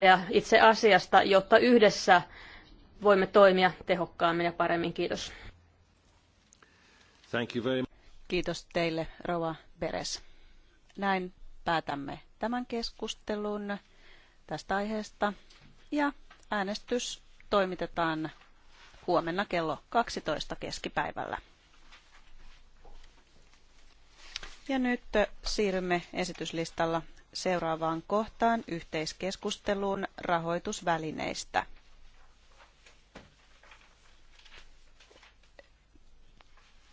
ja itse asiasta, jotta yhdessä voimme toimia tehokkaammin ja paremmin. Kiitos. Thank you very much. Kiitos teille, Rova Beres. Näin päätämme tämän keskustelun tästä aiheesta ja äänestys toimitetaan huomenna kello 12 keskipäivällä. Ja nyt siirrymme esityslistalla seuraavaan kohtaan yhteiskeskusteluun rahoitusvälineistä.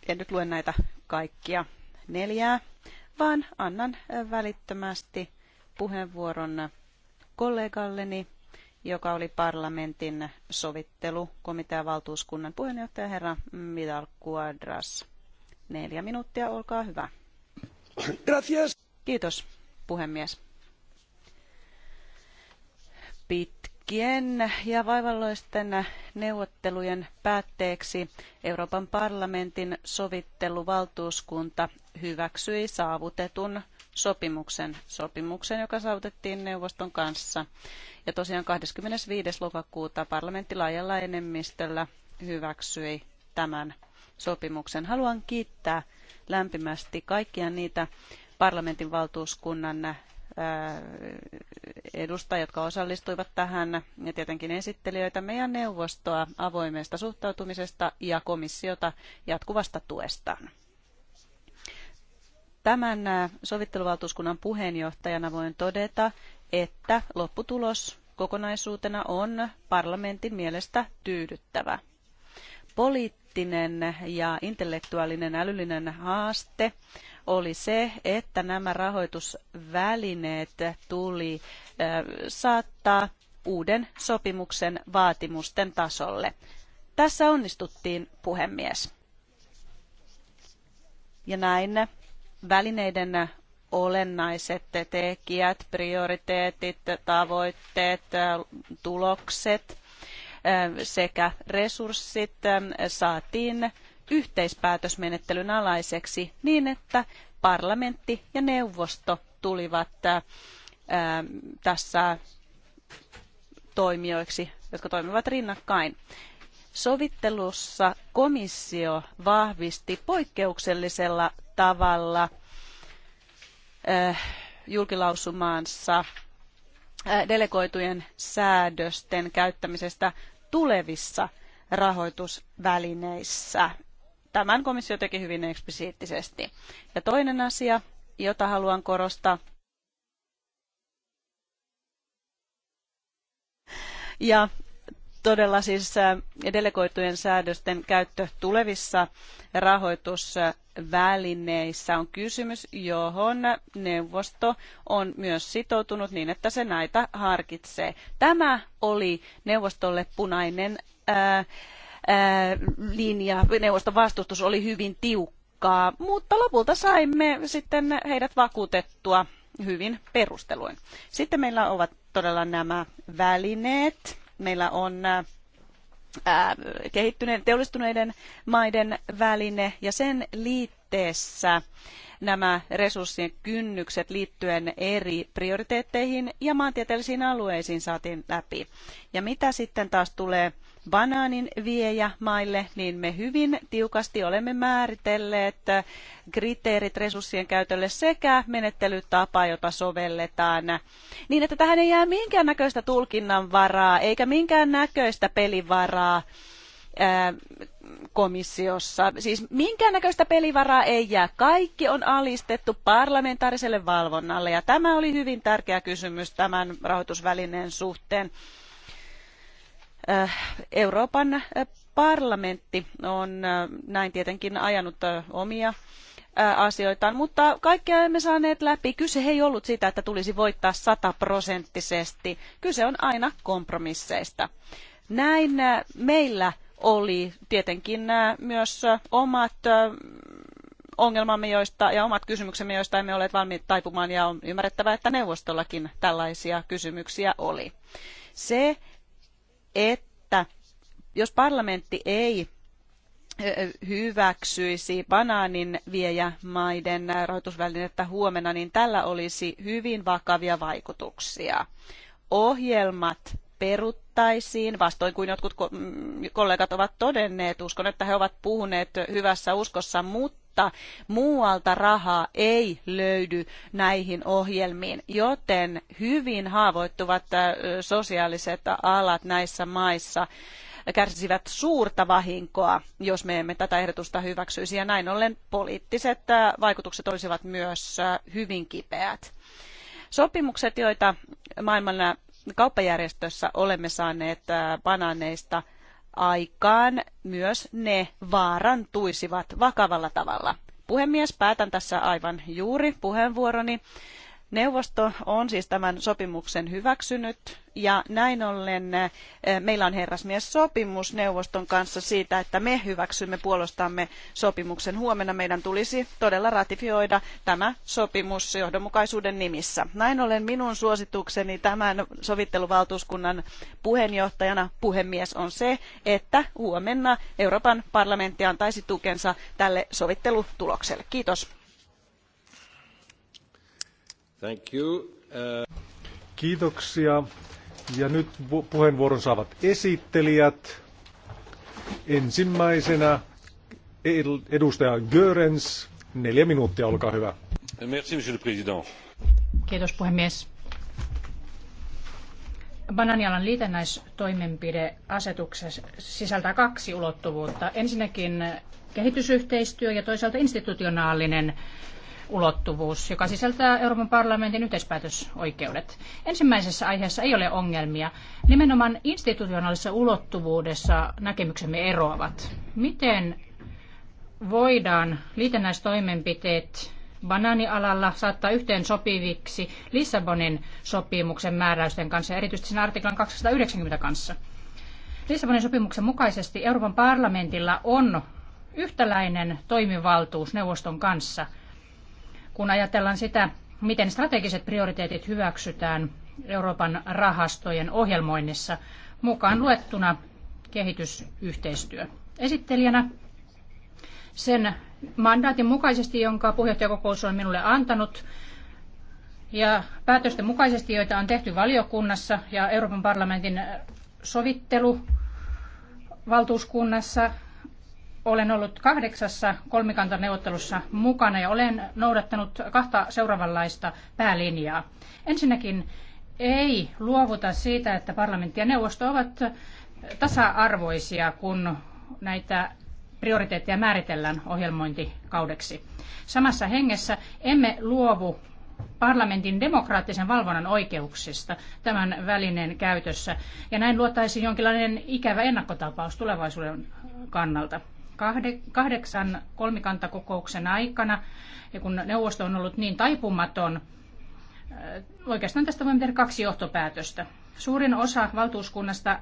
En nyt lue näitä kaikkia neljää, vaan annan välittömästi puheenvuoron kollegalleni, joka oli parlamentin sovittelukomitean valtuuskunnan puheenjohtaja herra Vidal Cuadras. Neljä minuuttia, olkaa hyvä. Gracias. Kiitos puhemies. Pitkien ja vaivalloisten neuvottelujen päätteeksi Euroopan parlamentin sovitteluvaltuuskunta hyväksyi saavutetun sopimuksen, sopimuksen, joka saavutettiin neuvoston kanssa. Ja tosiaan 25. lokakuuta parlamentti laajalla enemmistöllä hyväksyi tämän sopimuksen. Haluan kiittää lämpimästi kaikkia niitä parlamentin valtuuskunnan äh, edustajia, jotka osallistuivat tähän, ja tietenkin esittelijöitä, meidän neuvostoa avoimesta suhtautumisesta ja komissiota jatkuvasta tuestaan. Tämän äh, sovitteluvaltuuskunnan puheenjohtajana voin todeta, että lopputulos kokonaisuutena on parlamentin mielestä tyydyttävä. Poliittinen ja intellektuaalinen älyllinen haaste oli se, että nämä rahoitusvälineet tuli saattaa uuden sopimuksen vaatimusten tasolle. Tässä onnistuttiin, puhemies. Ja näin välineiden olennaiset tekijät, prioriteetit, tavoitteet, tulokset sekä resurssit saatiin yhteispäätösmenettelyn alaiseksi niin, että parlamentti ja neuvosto tulivat äh, tässä toimijoiksi, jotka toimivat rinnakkain. Sovittelussa komissio vahvisti poikkeuksellisella tavalla äh, julkilausumaansa äh, delegoitujen säädösten käyttämisestä tulevissa rahoitusvälineissä. Tämän komissio teki hyvin eksplisiittisesti. Ja toinen asia, jota haluan korostaa, ja todella siis delegoitujen säädösten käyttö tulevissa rahoitusvälineissä on kysymys, johon neuvosto on myös sitoutunut niin, että se näitä harkitsee. Tämä oli neuvostolle punainen ää, linja, neuvoston vastustus oli hyvin tiukkaa, mutta lopulta saimme sitten heidät vakuutettua hyvin perusteluin. Sitten meillä ovat todella nämä välineet. Meillä on kehittyneiden, teollistuneiden maiden väline ja sen liitteessä nämä resurssien kynnykset liittyen eri prioriteetteihin ja maantieteellisiin alueisiin saatiin läpi. Ja mitä sitten taas tulee banaanin viejä maille, niin me hyvin tiukasti olemme määritelleet äh, kriteerit resurssien käytölle sekä menettelytapa, jota sovelletaan, niin että tähän ei jää minkäännäköistä varaa, eikä minkäännäköistä pelivaraa äh, komissiossa. Siis minkäännäköistä pelivaraa ei jää. Kaikki on alistettu parlamentaariselle valvonnalle ja tämä oli hyvin tärkeä kysymys tämän rahoitusvälineen suhteen. Äh, Euroopan äh, parlamentti on äh, näin tietenkin ajanut omia asioitaan, mutta kaikkea emme saaneet läpi. Kyse ei ollut siitä, että tulisi voittaa sataprosenttisesti. Kyse on aina kompromisseista. Näin meillä oli tietenkin myös omat ongelmamme joista, ja omat kysymyksemme, joista emme olleet valmiit taipumaan, ja on ymmärrettävää, että neuvostollakin tällaisia kysymyksiä oli. Se, että jos parlamentti ei hyväksyisi banaanin viejämaiden rahoitusvälinettä huomenna, niin tällä olisi hyvin vakavia vaikutuksia. Ohjelmat peruttaisiin, vastoin kuin jotkut mm, kollegat ovat todenneet. Uskon, että he ovat puhuneet hyvässä uskossa, mutta mutta muualta rahaa ei löydy näihin ohjelmiin, joten hyvin haavoittuvat sosiaaliset alat näissä maissa kärsivät suurta vahinkoa, jos me emme tätä ehdotusta hyväksyisi. Ja näin ollen poliittiset vaikutukset olisivat myös hyvin kipeät. Sopimukset, joita maailman kauppajärjestössä olemme saaneet banaaneista – aikaan myös ne vaarantuisivat vakavalla tavalla. Puhemies, päätän tässä aivan juuri puheenvuoroni. Neuvosto on siis tämän sopimuksen hyväksynyt ja näin ollen eh, meillä on herrasmies sopimus neuvoston kanssa siitä, että me hyväksymme puolustamme sopimuksen huomenna. Meidän tulisi todella ratifioida tämä sopimus johdonmukaisuuden nimissä. Näin ollen minun suositukseni tämän sovitteluvaltuuskunnan puheenjohtajana puhemies on se, että huomenna Euroopan parlamentti antaisi tukensa tälle sovittelutulokselle. Kiitos. Thank you. Uh... Kiitoksia. Ja nyt puheenvuoron saavat esittelijät. Ensimmäisenä edustaja Görens. Neljä minuuttia, olkaa hyvä. Merci, monsieur le président. Kiitos puhemies. Bananialan liitännäistoimenpideasetuksen sisältää kaksi ulottuvuutta. Ensinnäkin kehitysyhteistyö ja toisaalta institutionaalinen ulottuvuus, joka sisältää Euroopan parlamentin yhteispäätösoikeudet. Ensimmäisessä aiheessa ei ole ongelmia. Nimenomaan institutionaalisessa ulottuvuudessa näkemyksemme eroavat. Miten voidaan liitännäistoimenpiteet banaanialalla saattaa yhteen sopiviksi Lissabonin sopimuksen määräysten kanssa, erityisesti sen artiklan 290 kanssa. Lissabonin sopimuksen mukaisesti Euroopan parlamentilla on yhtäläinen toimivaltuus neuvoston kanssa – kun ajatellaan sitä, miten strategiset prioriteetit hyväksytään Euroopan rahastojen ohjelmoinnissa, mukaan luettuna kehitysyhteistyö. Esittelijänä sen mandaatin mukaisesti, jonka puheenjohtajakokous on minulle antanut, ja päätösten mukaisesti, joita on tehty valiokunnassa ja Euroopan parlamentin sovittelu valtuuskunnassa olen ollut kahdeksassa kolmikantaneuvottelussa mukana ja olen noudattanut kahta seuraavanlaista päälinjaa. Ensinnäkin ei luovuta siitä, että parlamentti ja neuvosto ovat tasa-arvoisia, kun näitä prioriteetteja määritellään ohjelmointikaudeksi. Samassa hengessä emme luovu parlamentin demokraattisen valvonnan oikeuksista tämän välineen käytössä, ja näin luotaisiin jonkinlainen ikävä ennakkotapaus tulevaisuuden kannalta kahdeksan kolmikantakokouksen aikana, ja kun neuvosto on ollut niin taipumaton, oikeastaan tästä voimme tehdä kaksi johtopäätöstä. Suurin osa valtuuskunnasta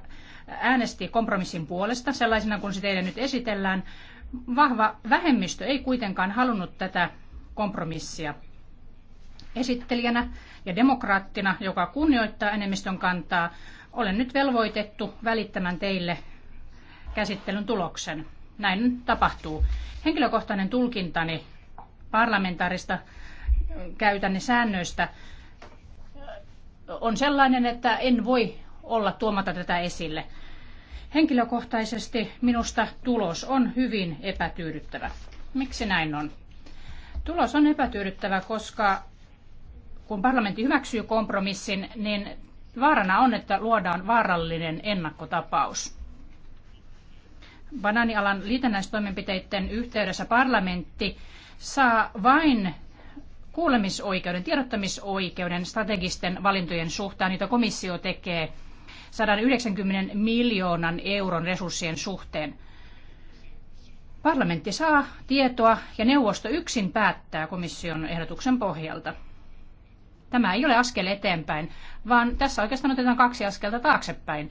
äänesti kompromissin puolesta, sellaisena kuin se teille nyt esitellään. Vahva vähemmistö ei kuitenkaan halunnut tätä kompromissia. Esittelijänä ja demokraattina, joka kunnioittaa enemmistön kantaa, olen nyt velvoitettu välittämään teille käsittelyn tuloksen näin tapahtuu. Henkilökohtainen tulkintani parlamentaarista käytänne säännöistä on sellainen, että en voi olla tuomata tätä esille. Henkilökohtaisesti minusta tulos on hyvin epätyydyttävä. Miksi näin on? Tulos on epätyydyttävä, koska kun parlamentti hyväksyy kompromissin, niin vaarana on, että luodaan vaarallinen ennakkotapaus banaanialan liitännäistoimenpiteiden yhteydessä parlamentti saa vain kuulemisoikeuden, tiedottamisoikeuden strategisten valintojen suhteen, joita komissio tekee 190 miljoonan euron resurssien suhteen. Parlamentti saa tietoa ja neuvosto yksin päättää komission ehdotuksen pohjalta. Tämä ei ole askel eteenpäin, vaan tässä oikeastaan otetaan kaksi askelta taaksepäin.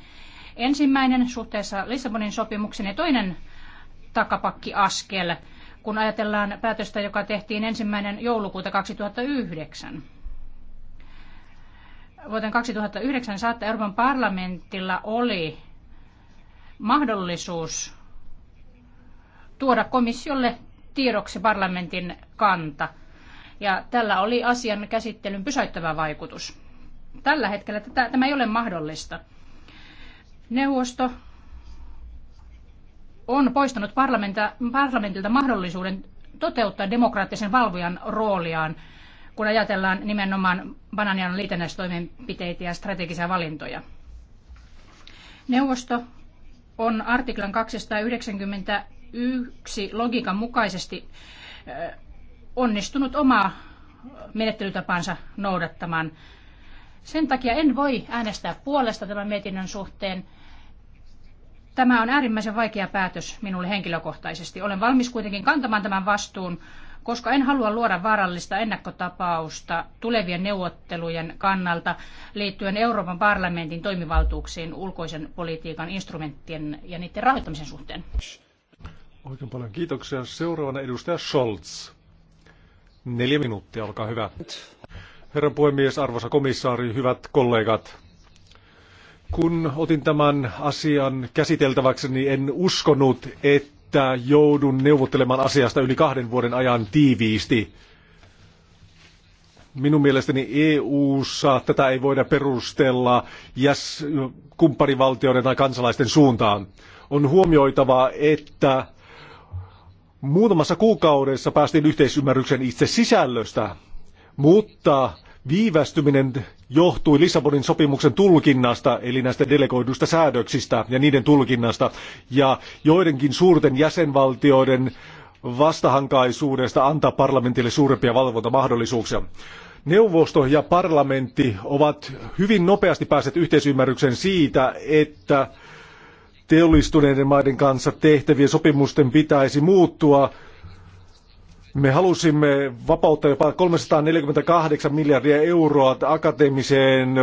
Ensimmäinen suhteessa Lissabonin sopimuksen ja toinen takapakki askel, kun ajatellaan päätöstä, joka tehtiin ensimmäinen joulukuuta 2009 Vuoden 2009 saattaa Euroopan parlamentilla oli mahdollisuus tuoda komissiolle tiedoksi parlamentin kanta. Ja tällä oli asian käsittelyn pysäyttävä vaikutus. Tällä hetkellä tämä ei ole mahdollista. Neuvosto on poistanut parlamentilta mahdollisuuden toteuttaa demokraattisen valvojan rooliaan, kun ajatellaan nimenomaan bananian liitännäistoimenpiteitä ja strategisia valintoja. Neuvosto on artiklan 291 logiikan mukaisesti onnistunut omaa menettelytapansa noudattamaan. Sen takia en voi äänestää puolesta tämän mietinnön suhteen, Tämä on äärimmäisen vaikea päätös minulle henkilökohtaisesti. Olen valmis kuitenkin kantamaan tämän vastuun, koska en halua luoda vaarallista ennakkotapausta tulevien neuvottelujen kannalta liittyen Euroopan parlamentin toimivaltuuksiin ulkoisen politiikan instrumenttien ja niiden rahoittamisen suhteen. Oikein paljon kiitoksia. Seuraavana edustaja Scholz. Neljä minuuttia, olkaa hyvä. Herra puhemies, arvoisa komissaari, hyvät kollegat. Kun otin tämän asian käsiteltäväksi, niin en uskonut, että joudun neuvottelemaan asiasta yli kahden vuoden ajan tiiviisti. Minun mielestäni EU-ssa tätä ei voida perustella jäs, kumppanivaltioiden tai kansalaisten suuntaan. On huomioitava, että muutamassa kuukaudessa päästiin yhteisymmärryksen itse sisällöstä, mutta viivästyminen johtui Lissabonin sopimuksen tulkinnasta, eli näistä delegoidusta säädöksistä ja niiden tulkinnasta, ja joidenkin suurten jäsenvaltioiden vastahankaisuudesta antaa parlamentille suurempia valvontamahdollisuuksia. Neuvosto ja parlamentti ovat hyvin nopeasti päässeet yhteisymmärrykseen siitä, että teollistuneiden maiden kanssa tehtävien sopimusten pitäisi muuttua me halusimme vapauttaa jopa 348 miljardia euroa akateemiseen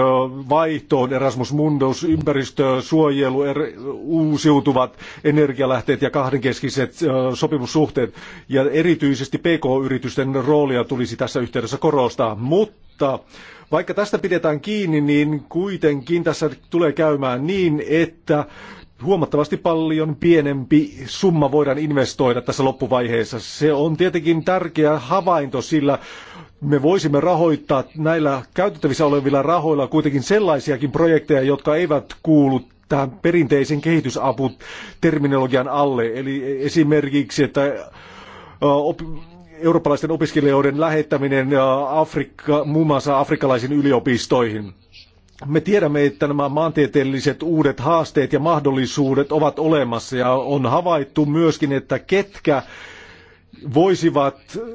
vaihtoon, Erasmus Mundus, ympäristö, suojelu, er, uusiutuvat energialähteet ja kahdenkeskiset sopimussuhteet. Ja erityisesti PK-yritysten roolia tulisi tässä yhteydessä korostaa. Mutta vaikka tästä pidetään kiinni, niin kuitenkin tässä tulee käymään niin, että huomattavasti paljon pienempi summa voidaan investoida tässä loppuvaiheessa. Se on tietenkin tärkeä havainto, sillä me voisimme rahoittaa näillä käytettävissä olevilla rahoilla kuitenkin sellaisiakin projekteja, jotka eivät kuulu tähän perinteisen kehitysaputerminologian alle. Eli esimerkiksi, että eurooppalaisten opiskelijoiden lähettäminen Afrikka, muun muassa afrikkalaisiin yliopistoihin – me tiedämme, että nämä maantieteelliset uudet haasteet ja mahdollisuudet ovat olemassa ja on havaittu myöskin, että ketkä voisivat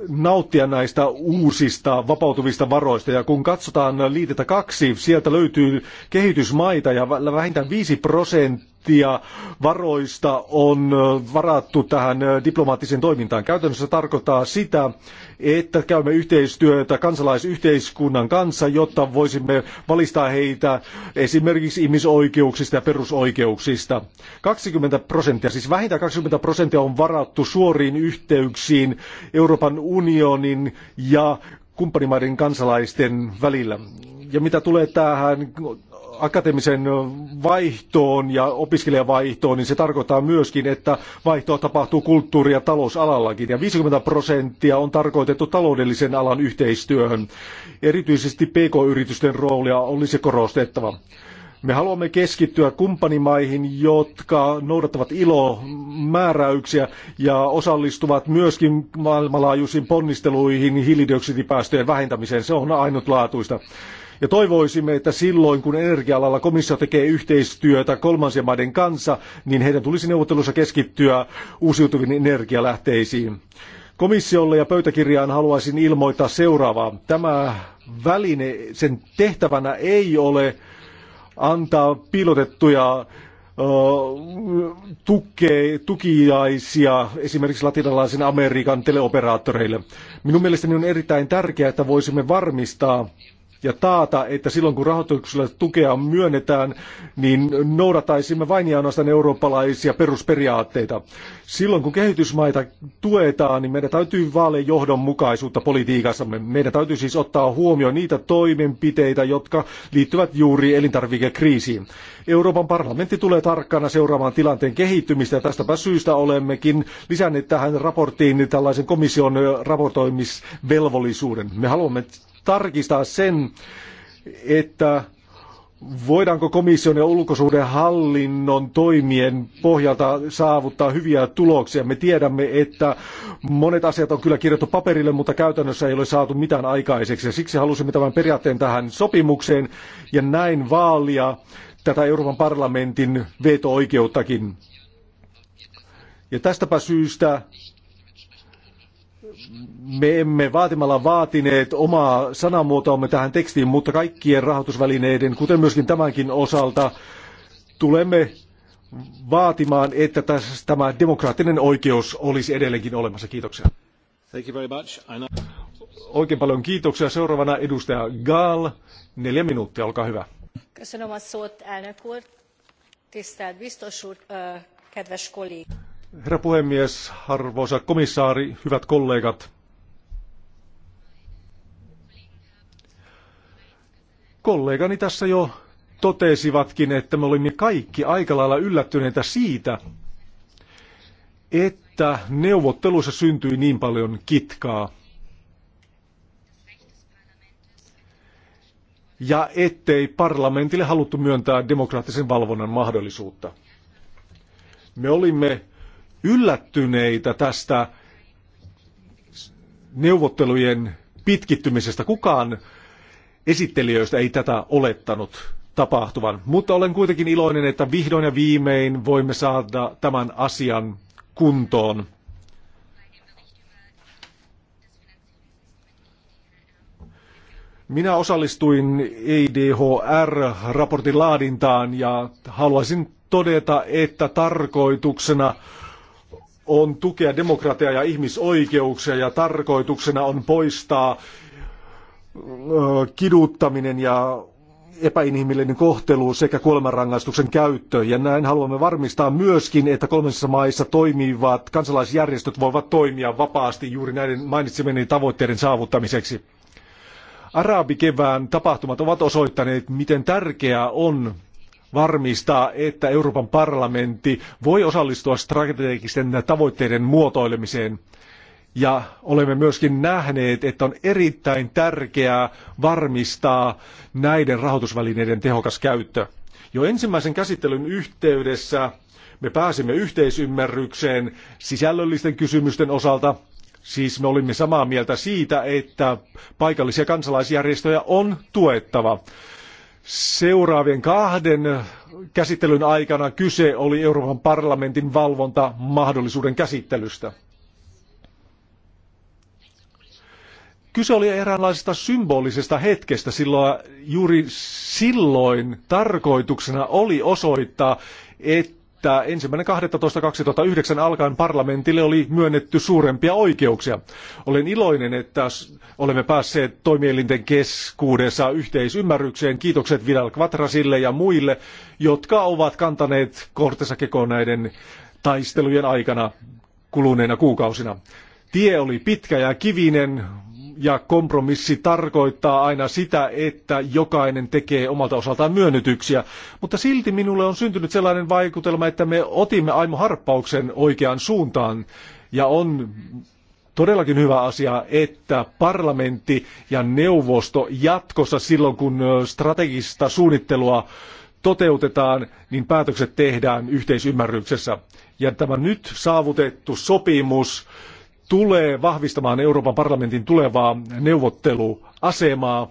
nauttia näistä uusista vapautuvista varoista. Ja kun katsotaan liitettä kaksi, sieltä löytyy kehitysmaita ja vähintään 5 prosenttia prosenttia varoista on varattu tähän diplomaattiseen toimintaan. Käytännössä tarkoittaa sitä, että käymme yhteistyötä kansalaisyhteiskunnan kanssa, jotta voisimme valistaa heitä esimerkiksi ihmisoikeuksista ja perusoikeuksista. 20 prosenttia, siis vähintään 20 prosenttia on varattu suoriin yhteyksiin Euroopan unionin ja kumppanimaiden kansalaisten välillä. Ja mitä tulee tähän akateemisen vaihtoon ja opiskelijavaihtoon, niin se tarkoittaa myöskin, että vaihtoa tapahtuu kulttuuri- ja talousalallakin. Ja 50 prosenttia on tarkoitettu taloudellisen alan yhteistyöhön. Erityisesti PK-yritysten roolia olisi korostettava. Me haluamme keskittyä kumppanimaihin, jotka noudattavat ILO-määräyksiä ja osallistuvat myöskin maailmanlaajuisiin ponnisteluihin hiilidioksidipäästöjen vähentämiseen. Se on ainutlaatuista. Ja toivoisimme, että silloin kun energia-alalla komissio tekee yhteistyötä kolmansien maiden kanssa, niin heidän tulisi neuvottelussa keskittyä uusiutuviin energialähteisiin. Komissiolle ja pöytäkirjaan haluaisin ilmoittaa seuraavaa. Tämä väline, sen tehtävänä ei ole antaa piilotettuja tuke, tukiaisia esimerkiksi latinalaisen Amerikan teleoperaattoreille. Minun mielestäni on erittäin tärkeää, että voisimme varmistaa, ja taata, että silloin kun rahoituksella tukea myönnetään, niin noudataisimme vain ja ainoastaan eurooppalaisia perusperiaatteita. Silloin kun kehitysmaita tuetaan, niin meidän täytyy vaalia johdonmukaisuutta politiikassamme. Meidän täytyy siis ottaa huomioon niitä toimenpiteitä, jotka liittyvät juuri elintarvikekriisiin. Euroopan parlamentti tulee tarkkana seuraamaan tilanteen kehittymistä ja tästäpä syystä olemmekin lisänneet tähän raporttiin tällaisen komission raportoimisvelvollisuuden. Me haluamme tarkistaa sen, että voidaanko komission ja ulkosuhdehallinnon toimien pohjalta saavuttaa hyviä tuloksia. Me tiedämme, että monet asiat on kyllä kirjattu paperille, mutta käytännössä ei ole saatu mitään aikaiseksi. Ja siksi halusimme tämän periaatteen tähän sopimukseen ja näin vaalia tätä Euroopan parlamentin veto-oikeuttakin. Ja tästäpä syystä me emme vaatimalla vaatineet omaa sanamuotoamme tähän tekstiin, mutta kaikkien rahoitusvälineiden, kuten myöskin tämänkin osalta, tulemme vaatimaan, että tämä demokraattinen oikeus olisi edelleenkin olemassa. Kiitoksia. Thank you very much. Oikein paljon kiitoksia. Seuraavana edustaja Gaal. Neljä minuuttia, olkaa hyvä. Köszönöm Tisztelt biztos úr, kedves Herra puhemies, arvoisa komissaari, hyvät kollegat. Kollegani tässä jo totesivatkin, että me olimme kaikki aika lailla yllättyneitä siitä, että neuvotteluissa syntyi niin paljon kitkaa. Ja ettei parlamentille haluttu myöntää demokraattisen valvonnan mahdollisuutta. Me olimme yllättyneitä tästä neuvottelujen pitkittymisestä. Kukaan esittelijöistä ei tätä olettanut tapahtuvan, mutta olen kuitenkin iloinen, että vihdoin ja viimein voimme saada tämän asian kuntoon. Minä osallistuin EIDHR-raportin laadintaan ja haluaisin todeta, että tarkoituksena on tukea demokratiaa ja ihmisoikeuksia ja tarkoituksena on poistaa kiduttaminen ja epäinhimillinen kohtelu sekä kuolemanrangaistuksen käyttö. Ja näin haluamme varmistaa myöskin, että kolmessa maissa toimivat kansalaisjärjestöt voivat toimia vapaasti juuri näiden mainitsemieni tavoitteiden saavuttamiseksi. Arabikevään tapahtumat ovat osoittaneet, miten tärkeää on varmistaa, että Euroopan parlamentti voi osallistua strategisten tavoitteiden muotoilemiseen. Ja olemme myöskin nähneet, että on erittäin tärkeää varmistaa näiden rahoitusvälineiden tehokas käyttö. Jo ensimmäisen käsittelyn yhteydessä me pääsimme yhteisymmärrykseen sisällöllisten kysymysten osalta. Siis me olimme samaa mieltä siitä, että paikallisia kansalaisjärjestöjä on tuettava. Seuraavien kahden käsittelyn aikana kyse oli Euroopan parlamentin valvontamahdollisuuden käsittelystä. Kyse oli eräänlaisesta symbolisesta hetkestä, sillä juuri silloin tarkoituksena oli osoittaa, että että ensimmäinen 12.2009 alkaen parlamentille oli myönnetty suurempia oikeuksia. Olen iloinen, että olemme päässeet toimielinten keskuudessa yhteisymmärrykseen. Kiitokset Vidal Quatrasille ja muille, jotka ovat kantaneet kortensa kekoon näiden taistelujen aikana kuluneina kuukausina. Tie oli pitkä ja kivinen, ja kompromissi tarkoittaa aina sitä, että jokainen tekee omalta osaltaan myönnytyksiä. Mutta silti minulle on syntynyt sellainen vaikutelma, että me otimme Aimo Harppauksen oikeaan suuntaan. Ja on todellakin hyvä asia, että parlamentti ja neuvosto jatkossa silloin, kun strategista suunnittelua toteutetaan, niin päätökset tehdään yhteisymmärryksessä. Ja tämä nyt saavutettu sopimus, tulee vahvistamaan Euroopan parlamentin tulevaa neuvotteluasemaa.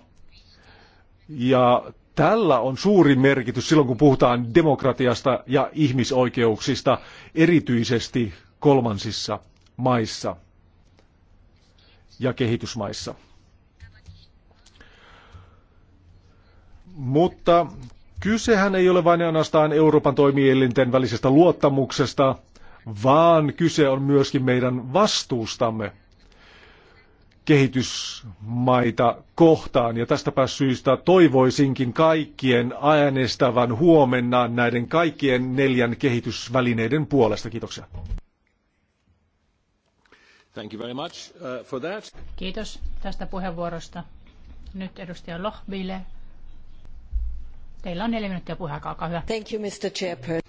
Ja tällä on suuri merkitys silloin, kun puhutaan demokratiasta ja ihmisoikeuksista, erityisesti kolmansissa maissa ja kehitysmaissa. Mutta kysehän ei ole vain ainoastaan Euroopan toimielinten välisestä luottamuksesta, vaan kyse on myöskin meidän vastuustamme kehitysmaita kohtaan. Ja tästäpä syystä toivoisinkin kaikkien äänestävän huomenna näiden kaikkien neljän kehitysvälineiden puolesta. Kiitoksia. Thank you very much uh, for that. Kiitos tästä puheenvuorosta. Nyt edustaja Lohville. Teillä on neljä minuuttia puheenvuoroa. olkaa hyvä. Thank you, Mr. Chairperson.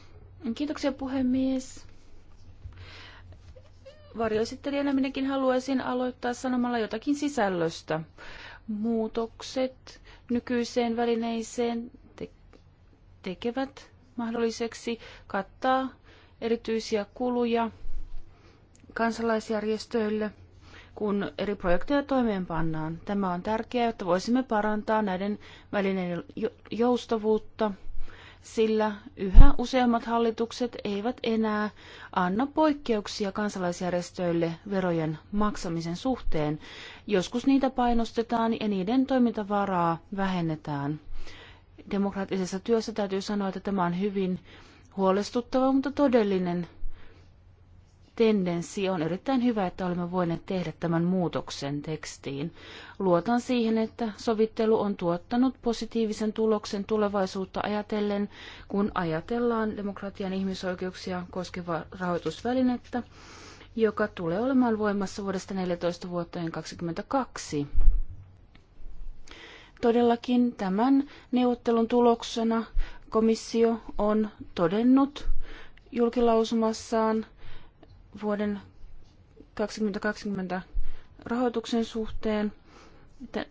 Kiitoksia puhemies varjoesittelijänä minäkin haluaisin aloittaa sanomalla jotakin sisällöstä. Muutokset nykyiseen välineiseen te- tekevät mahdolliseksi kattaa erityisiä kuluja kansalaisjärjestöille, kun eri projekteja toimeenpannaan. Tämä on tärkeää, jotta voisimme parantaa näiden välineiden joustavuutta – sillä yhä useammat hallitukset eivät enää anna poikkeuksia kansalaisjärjestöille verojen maksamisen suhteen. Joskus niitä painostetaan ja niiden toimintavaraa vähennetään. Demokraattisessa työssä täytyy sanoa, että tämä on hyvin huolestuttava, mutta todellinen tendenssi. On erittäin hyvä, että olemme voineet tehdä tämän muutoksen tekstiin. Luotan siihen, että sovittelu on tuottanut positiivisen tuloksen tulevaisuutta ajatellen, kun ajatellaan demokratian ihmisoikeuksia koskevaa rahoitusvälinettä, joka tulee olemaan voimassa vuodesta 14 vuoteen 2022. Todellakin tämän neuvottelun tuloksena komissio on todennut julkilausumassaan, vuoden 2020 rahoituksen suhteen. Että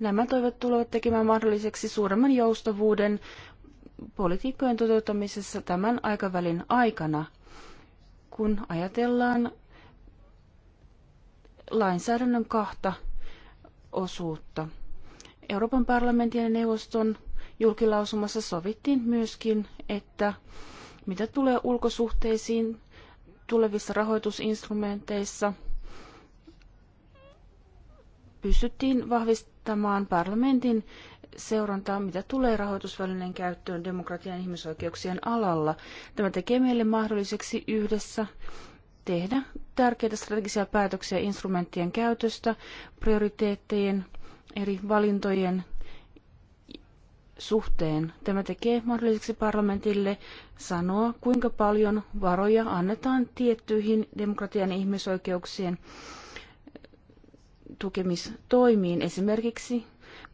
nämä toivat tulevat tekemään mahdolliseksi suuremman joustavuuden politiikkojen toteuttamisessa tämän aikavälin aikana, kun ajatellaan lainsäädännön kahta osuutta. Euroopan parlamentin ja neuvoston julkilausumassa sovittiin myöskin, että mitä tulee ulkosuhteisiin tulevissa rahoitusinstrumenteissa, pystyttiin vahvistamaan parlamentin seurantaa, mitä tulee rahoitusvälineen käyttöön demokratian ja ihmisoikeuksien alalla. Tämä tekee meille mahdolliseksi yhdessä tehdä tärkeitä strategisia päätöksiä instrumenttien käytöstä, prioriteettien, eri valintojen suhteen. Tämä tekee mahdolliseksi parlamentille sanoa, kuinka paljon varoja annetaan tiettyihin demokratian ja ihmisoikeuksien tukemistoimiin. Esimerkiksi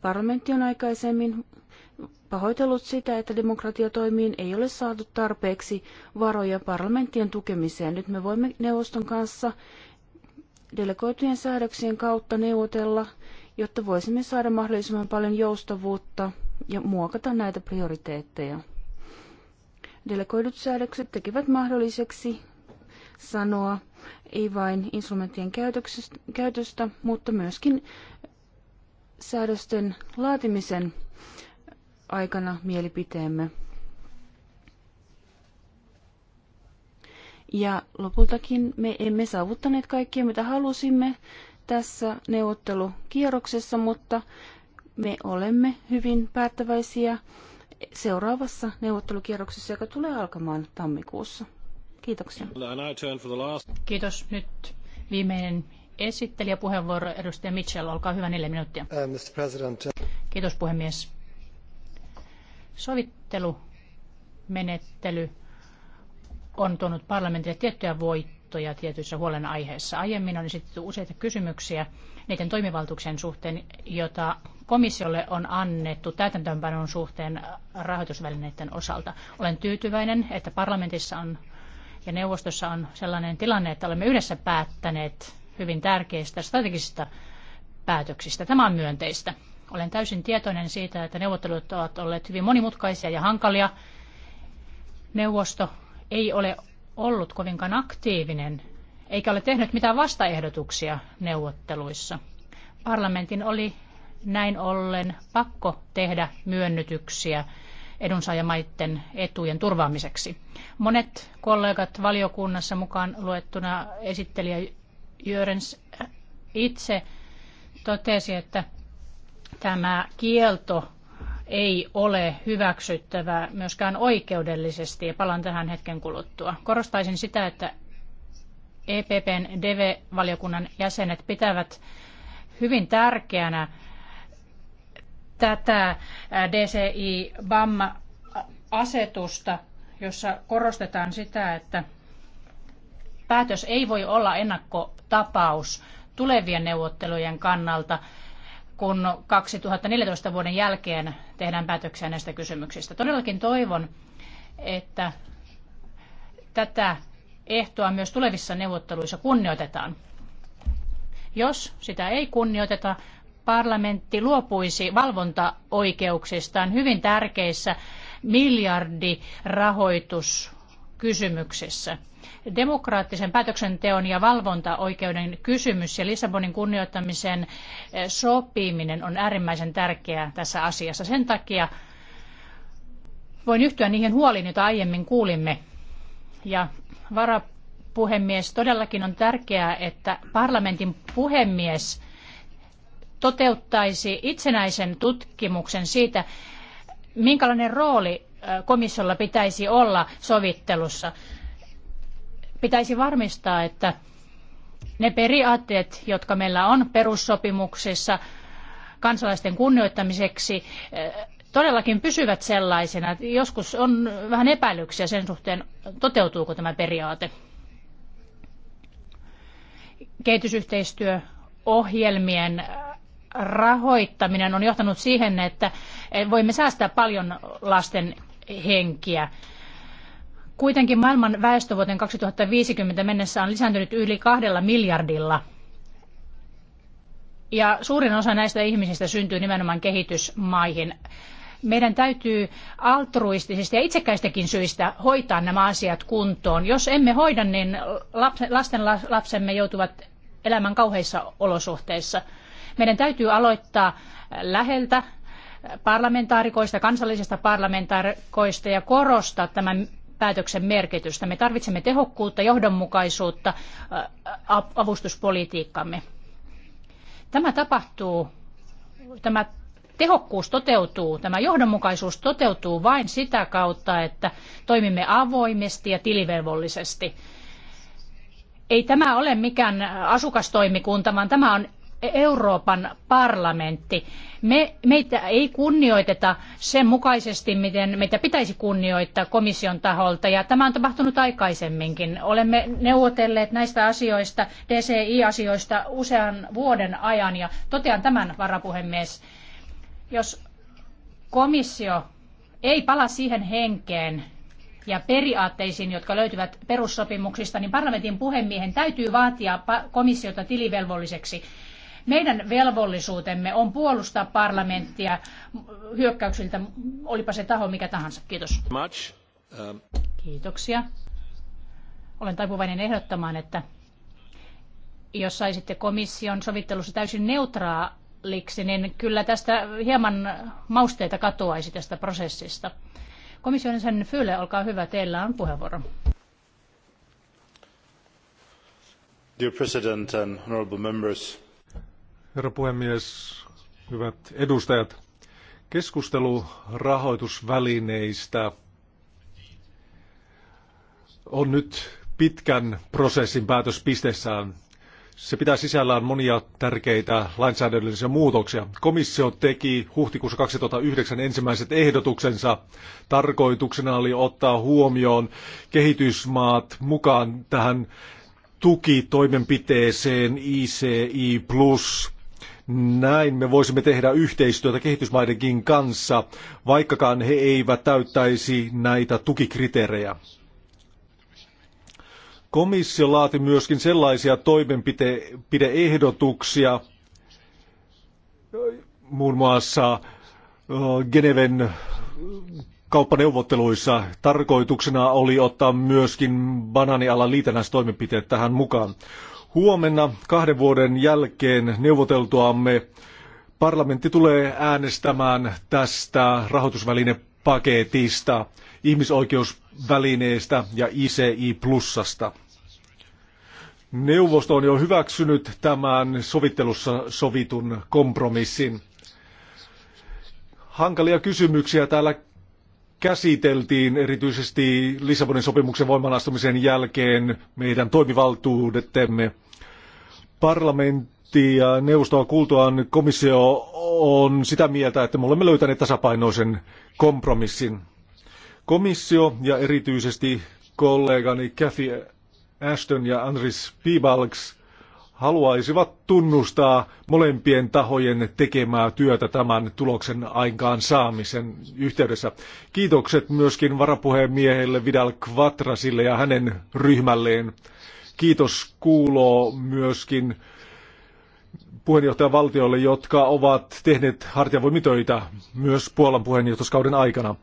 parlamentti on aikaisemmin pahoitellut sitä, että demokratiatoimiin ei ole saatu tarpeeksi varoja parlamenttien tukemiseen. Nyt me voimme neuvoston kanssa delegoitujen säädöksien kautta neuvotella, jotta voisimme saada mahdollisimman paljon joustavuutta ja muokata näitä prioriteetteja. Delegoidut säädökset tekevät mahdolliseksi sanoa ei vain instrumenttien käytöstä, mutta myöskin säädösten laatimisen aikana mielipiteemme. Ja lopultakin me emme saavuttaneet kaikkea, mitä halusimme tässä neuvottelukierroksessa, mutta me olemme hyvin päättäväisiä seuraavassa neuvottelukierroksessa, joka tulee alkamaan tammikuussa. Kiitoksia. Kiitos. Nyt viimeinen esittelijäpuheenvuoro, edustaja Mitchell, olkaa hyvä neljä minuuttia. Uh, Mr. President. Kiitos puhemies. Sovittelumenettely on tuonut parlamentille tiettyjä voittoja tietyissä huolenaiheissa. Aiemmin on esitetty useita kysymyksiä niiden toimivaltuuksien suhteen, jota komissiolle on annettu täytäntöönpanon suhteen rahoitusvälineiden osalta. Olen tyytyväinen, että parlamentissa on ja neuvostossa on sellainen tilanne, että olemme yhdessä päättäneet hyvin tärkeistä strategisista päätöksistä. Tämä on myönteistä. Olen täysin tietoinen siitä, että neuvottelut ovat olleet hyvin monimutkaisia ja hankalia. Neuvosto ei ole ollut kovinkaan aktiivinen eikä ole tehnyt mitään vastaehdotuksia neuvotteluissa. Parlamentin oli näin ollen pakko tehdä myönnytyksiä edunsaajamaiden etujen turvaamiseksi. Monet kollegat valiokunnassa mukaan luettuna esittelijä Jörens itse totesi, että tämä kielto ei ole hyväksyttävä myöskään oikeudellisesti, ja palaan tähän hetken kuluttua. Korostaisin sitä, että EPPn DV-valiokunnan jäsenet pitävät hyvin tärkeänä tätä DCI-BAM-asetusta, jossa korostetaan sitä, että päätös ei voi olla ennakkotapaus tulevien neuvottelujen kannalta, kun 2014 vuoden jälkeen tehdään päätöksiä näistä kysymyksistä. Todellakin toivon, että tätä ehtoa myös tulevissa neuvotteluissa kunnioitetaan. Jos sitä ei kunnioiteta, parlamentti luopuisi valvontaoikeuksistaan hyvin tärkeissä miljardirahoituskysymyksissä. Demokraattisen päätöksenteon ja valvontaoikeuden kysymys ja Lissabonin kunnioittamisen eh, sopiminen on äärimmäisen tärkeää tässä asiassa. Sen takia voin yhtyä niihin huoliin, joita aiemmin kuulimme. Ja varapuhemies, todellakin on tärkeää, että parlamentin puhemies toteuttaisi itsenäisen tutkimuksen siitä, minkälainen rooli komissiolla pitäisi olla sovittelussa. Pitäisi varmistaa, että ne periaatteet, jotka meillä on perussopimuksissa kansalaisten kunnioittamiseksi, todellakin pysyvät sellaisena. Joskus on vähän epäilyksiä sen suhteen, toteutuuko tämä periaate. Kehitysyhteistyöohjelmien rahoittaminen on johtanut siihen, että voimme säästää paljon lasten henkiä. Kuitenkin maailman väestö vuoteen 2050 mennessä on lisääntynyt yli kahdella miljardilla. Ja suurin osa näistä ihmisistä syntyy nimenomaan kehitysmaihin meidän täytyy altruistisista ja itsekäistäkin syistä hoitaa nämä asiat kuntoon. Jos emme hoida, niin lasten lapsemme joutuvat elämään kauheissa olosuhteissa. Meidän täytyy aloittaa läheltä parlamentaarikoista, kansallisista parlamentaarikoista ja korostaa tämän päätöksen merkitystä. Me tarvitsemme tehokkuutta, johdonmukaisuutta avustuspolitiikkamme. Tämä tapahtuu, tämä tehokkuus toteutuu, tämä johdonmukaisuus toteutuu vain sitä kautta, että toimimme avoimesti ja tilivelvollisesti. Ei tämä ole mikään asukastoimikunta, vaan tämä on Euroopan parlamentti. Me, meitä ei kunnioiteta sen mukaisesti, miten meitä pitäisi kunnioittaa komission taholta, ja tämä on tapahtunut aikaisemminkin. Olemme neuvotelleet näistä asioista, DCI-asioista, usean vuoden ajan, ja totean tämän, varapuhemies, jos komissio ei pala siihen henkeen ja periaatteisiin, jotka löytyvät perussopimuksista, niin parlamentin puhemiehen täytyy vaatia komissiota tilivelvolliseksi. Meidän velvollisuutemme on puolustaa parlamenttia hyökkäyksiltä, olipa se taho mikä tahansa. Kiitos. Um, Kiitoksia. Olen taipuvainen ehdottamaan, että jos saisitte komission sovittelussa täysin neutraa, malliksi, niin kyllä tästä hieman mausteita katoaisi tästä prosessista. Komission sen Fyle, olkaa hyvä, teillä on puheenvuoro. Dear President and honorable members. Herra puhemies, hyvät edustajat. Keskustelu rahoitusvälineistä on nyt pitkän prosessin päätöspisteessään se pitää sisällään monia tärkeitä lainsäädännöllisiä muutoksia. Komissio teki huhtikuussa 2009 ensimmäiset ehdotuksensa. Tarkoituksena oli ottaa huomioon kehitysmaat mukaan tähän tukitoimenpiteeseen ICI+. Näin me voisimme tehdä yhteistyötä kehitysmaidenkin kanssa, vaikkakaan he eivät täyttäisi näitä tukikriteerejä. Komissio laati myöskin sellaisia toimenpideehdotuksia, muun muassa Geneven kauppaneuvotteluissa tarkoituksena oli ottaa myöskin banaanialan liitännäistoimenpiteet tähän mukaan. Huomenna kahden vuoden jälkeen neuvoteltuamme parlamentti tulee äänestämään tästä rahoitusvälinepaketista. Ihmisoikeus välineestä ja ICI plussasta. Neuvosto on jo hyväksynyt tämän sovittelussa sovitun kompromissin. Hankalia kysymyksiä täällä käsiteltiin erityisesti Lissabonin sopimuksen voimanastumisen jälkeen meidän toimivaltuudettemme. Parlamentti ja neuvostoa kuultuaan komissio on sitä mieltä, että me olemme löytäneet tasapainoisen kompromissin. Komissio ja erityisesti kollegani Kathy Ashton ja Andris Piebalgs haluaisivat tunnustaa molempien tahojen tekemää työtä tämän tuloksen aikaan saamisen yhteydessä. Kiitokset myöskin varapuhemiehelle Vidal Quatrasille ja hänen ryhmälleen. Kiitos kuuloo myöskin puheenjohtajavaltioille, jotka ovat tehneet hartiavoimitöitä myös Puolan puheenjohtajuuskauden aikana.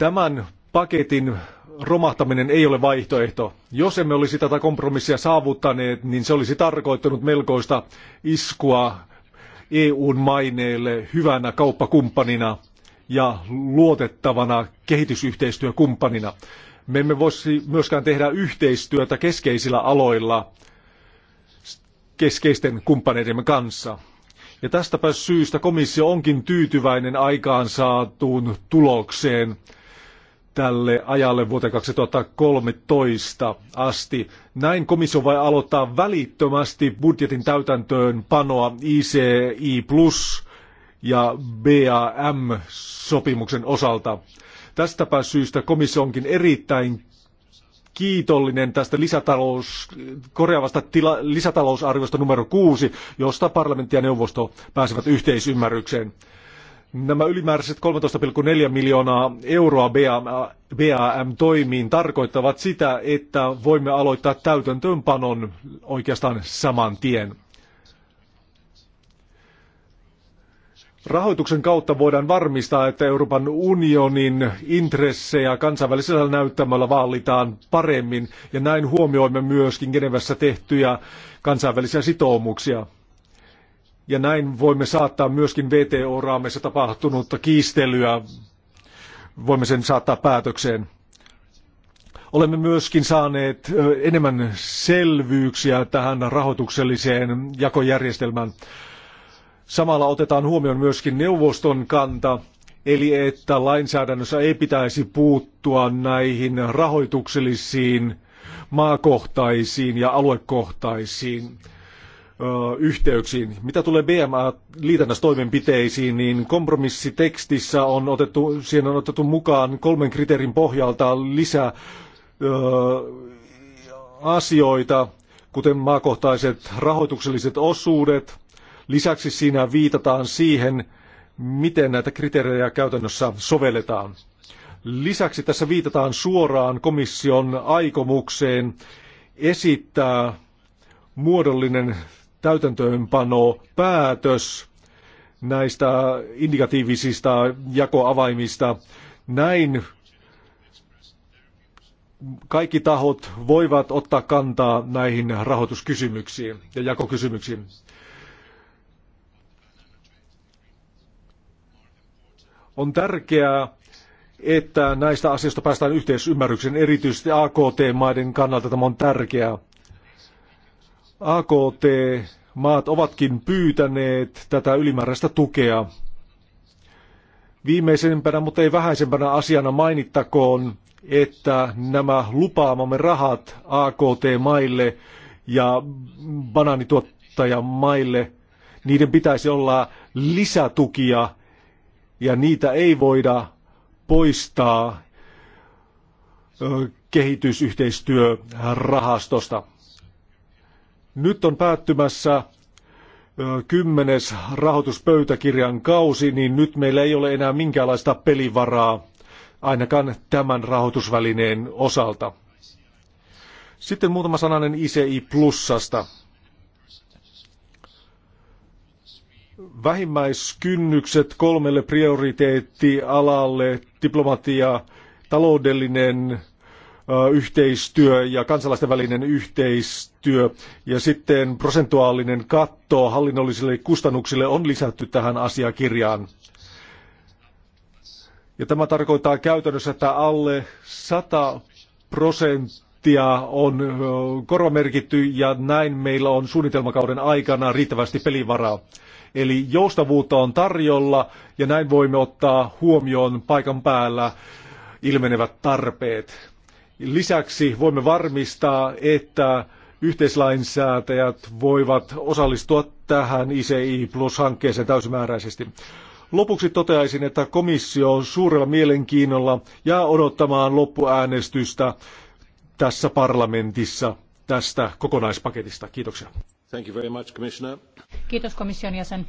Tämän paketin romahtaminen ei ole vaihtoehto. Jos emme olisi tätä kompromissia saavuttaneet, niin se olisi tarkoittanut melkoista iskua EUn maineelle hyvänä kauppakumppanina ja luotettavana kehitysyhteistyökumppanina. Me emme voisi myöskään tehdä yhteistyötä keskeisillä aloilla keskeisten kumppaneidemme kanssa. Ja tästäpä syystä komissio onkin tyytyväinen aikaansaatuun tulokseen – tälle ajalle vuoteen 2013 asti. Näin komissio vai aloittaa välittömästi budjetin täytäntöön panoa ICI Plus ja BAM-sopimuksen osalta. Tästäpä syystä komissio onkin erittäin kiitollinen tästä lisätalous, korjaavasta tila, lisätalousarviosta numero 6, josta parlamentti ja neuvosto pääsevät yhteisymmärrykseen. Nämä ylimääräiset 13,4 miljoonaa euroa BAM-toimiin tarkoittavat sitä, että voimme aloittaa täytäntöönpanon oikeastaan saman tien. Rahoituksen kautta voidaan varmistaa, että Euroopan unionin intressejä kansainvälisellä näyttämällä vaalitaan paremmin ja näin huomioimme myöskin Genevessä tehtyjä kansainvälisiä sitoumuksia. Ja näin voimme saattaa myöskin VTO-raameissa tapahtunutta kiistelyä, voimme sen saattaa päätökseen. Olemme myöskin saaneet enemmän selvyyksiä tähän rahoitukselliseen jakojärjestelmään. Samalla otetaan huomioon myöskin neuvoston kanta, eli että lainsäädännössä ei pitäisi puuttua näihin rahoituksellisiin, maakohtaisiin ja aluekohtaisiin yhteyksiin. Mitä tulee BMA-liitännästoimenpiteisiin, niin kompromissitekstissä on otettu, siihen on otettu mukaan kolmen kriteerin pohjalta lisää asioita, kuten maakohtaiset rahoitukselliset osuudet. Lisäksi siinä viitataan siihen, miten näitä kriteerejä käytännössä sovelletaan. Lisäksi tässä viitataan suoraan komission aikomukseen esittää muodollinen täytäntöönpano päätös näistä indikatiivisista jakoavaimista. Näin kaikki tahot voivat ottaa kantaa näihin rahoituskysymyksiin ja jakokysymyksiin. On tärkeää, että näistä asioista päästään yhteisymmärrykseen, erityisesti AKT-maiden kannalta tämä on tärkeää. AKT-maat ovatkin pyytäneet tätä ylimääräistä tukea. Viimeisempänä, mutta ei vähäisempänä asiana mainittakoon, että nämä lupaamamme rahat AKT-maille ja banaanituottajamaille, niiden pitäisi olla lisätukia ja niitä ei voida poistaa kehitysyhteistyörahastosta. Nyt on päättymässä kymmenes rahoituspöytäkirjan kausi, niin nyt meillä ei ole enää minkäänlaista pelivaraa ainakaan tämän rahoitusvälineen osalta. Sitten muutama sananen ICI plussasta. Vähimmäiskynnykset kolmelle prioriteettialalle, diplomatia, taloudellinen yhteistyö ja kansalaisten välinen yhteistyö ja sitten prosentuaalinen katto hallinnollisille kustannuksille on lisätty tähän asiakirjaan. Ja tämä tarkoittaa käytännössä, että alle 100 prosenttia on korvamerkitty ja näin meillä on suunnitelmakauden aikana riittävästi pelivaraa. Eli joustavuutta on tarjolla ja näin voimme ottaa huomioon paikan päällä ilmenevät tarpeet. Lisäksi voimme varmistaa, että yhteislainsäätäjät voivat osallistua tähän ICI Plus-hankkeeseen täysimääräisesti. Lopuksi toteaisin, että komissio on suurella mielenkiinnolla ja odottamaan loppuäänestystä tässä parlamentissa tästä kokonaispaketista. Kiitoksia. Thank you very much, Commissioner. Kiitos komission jäsen.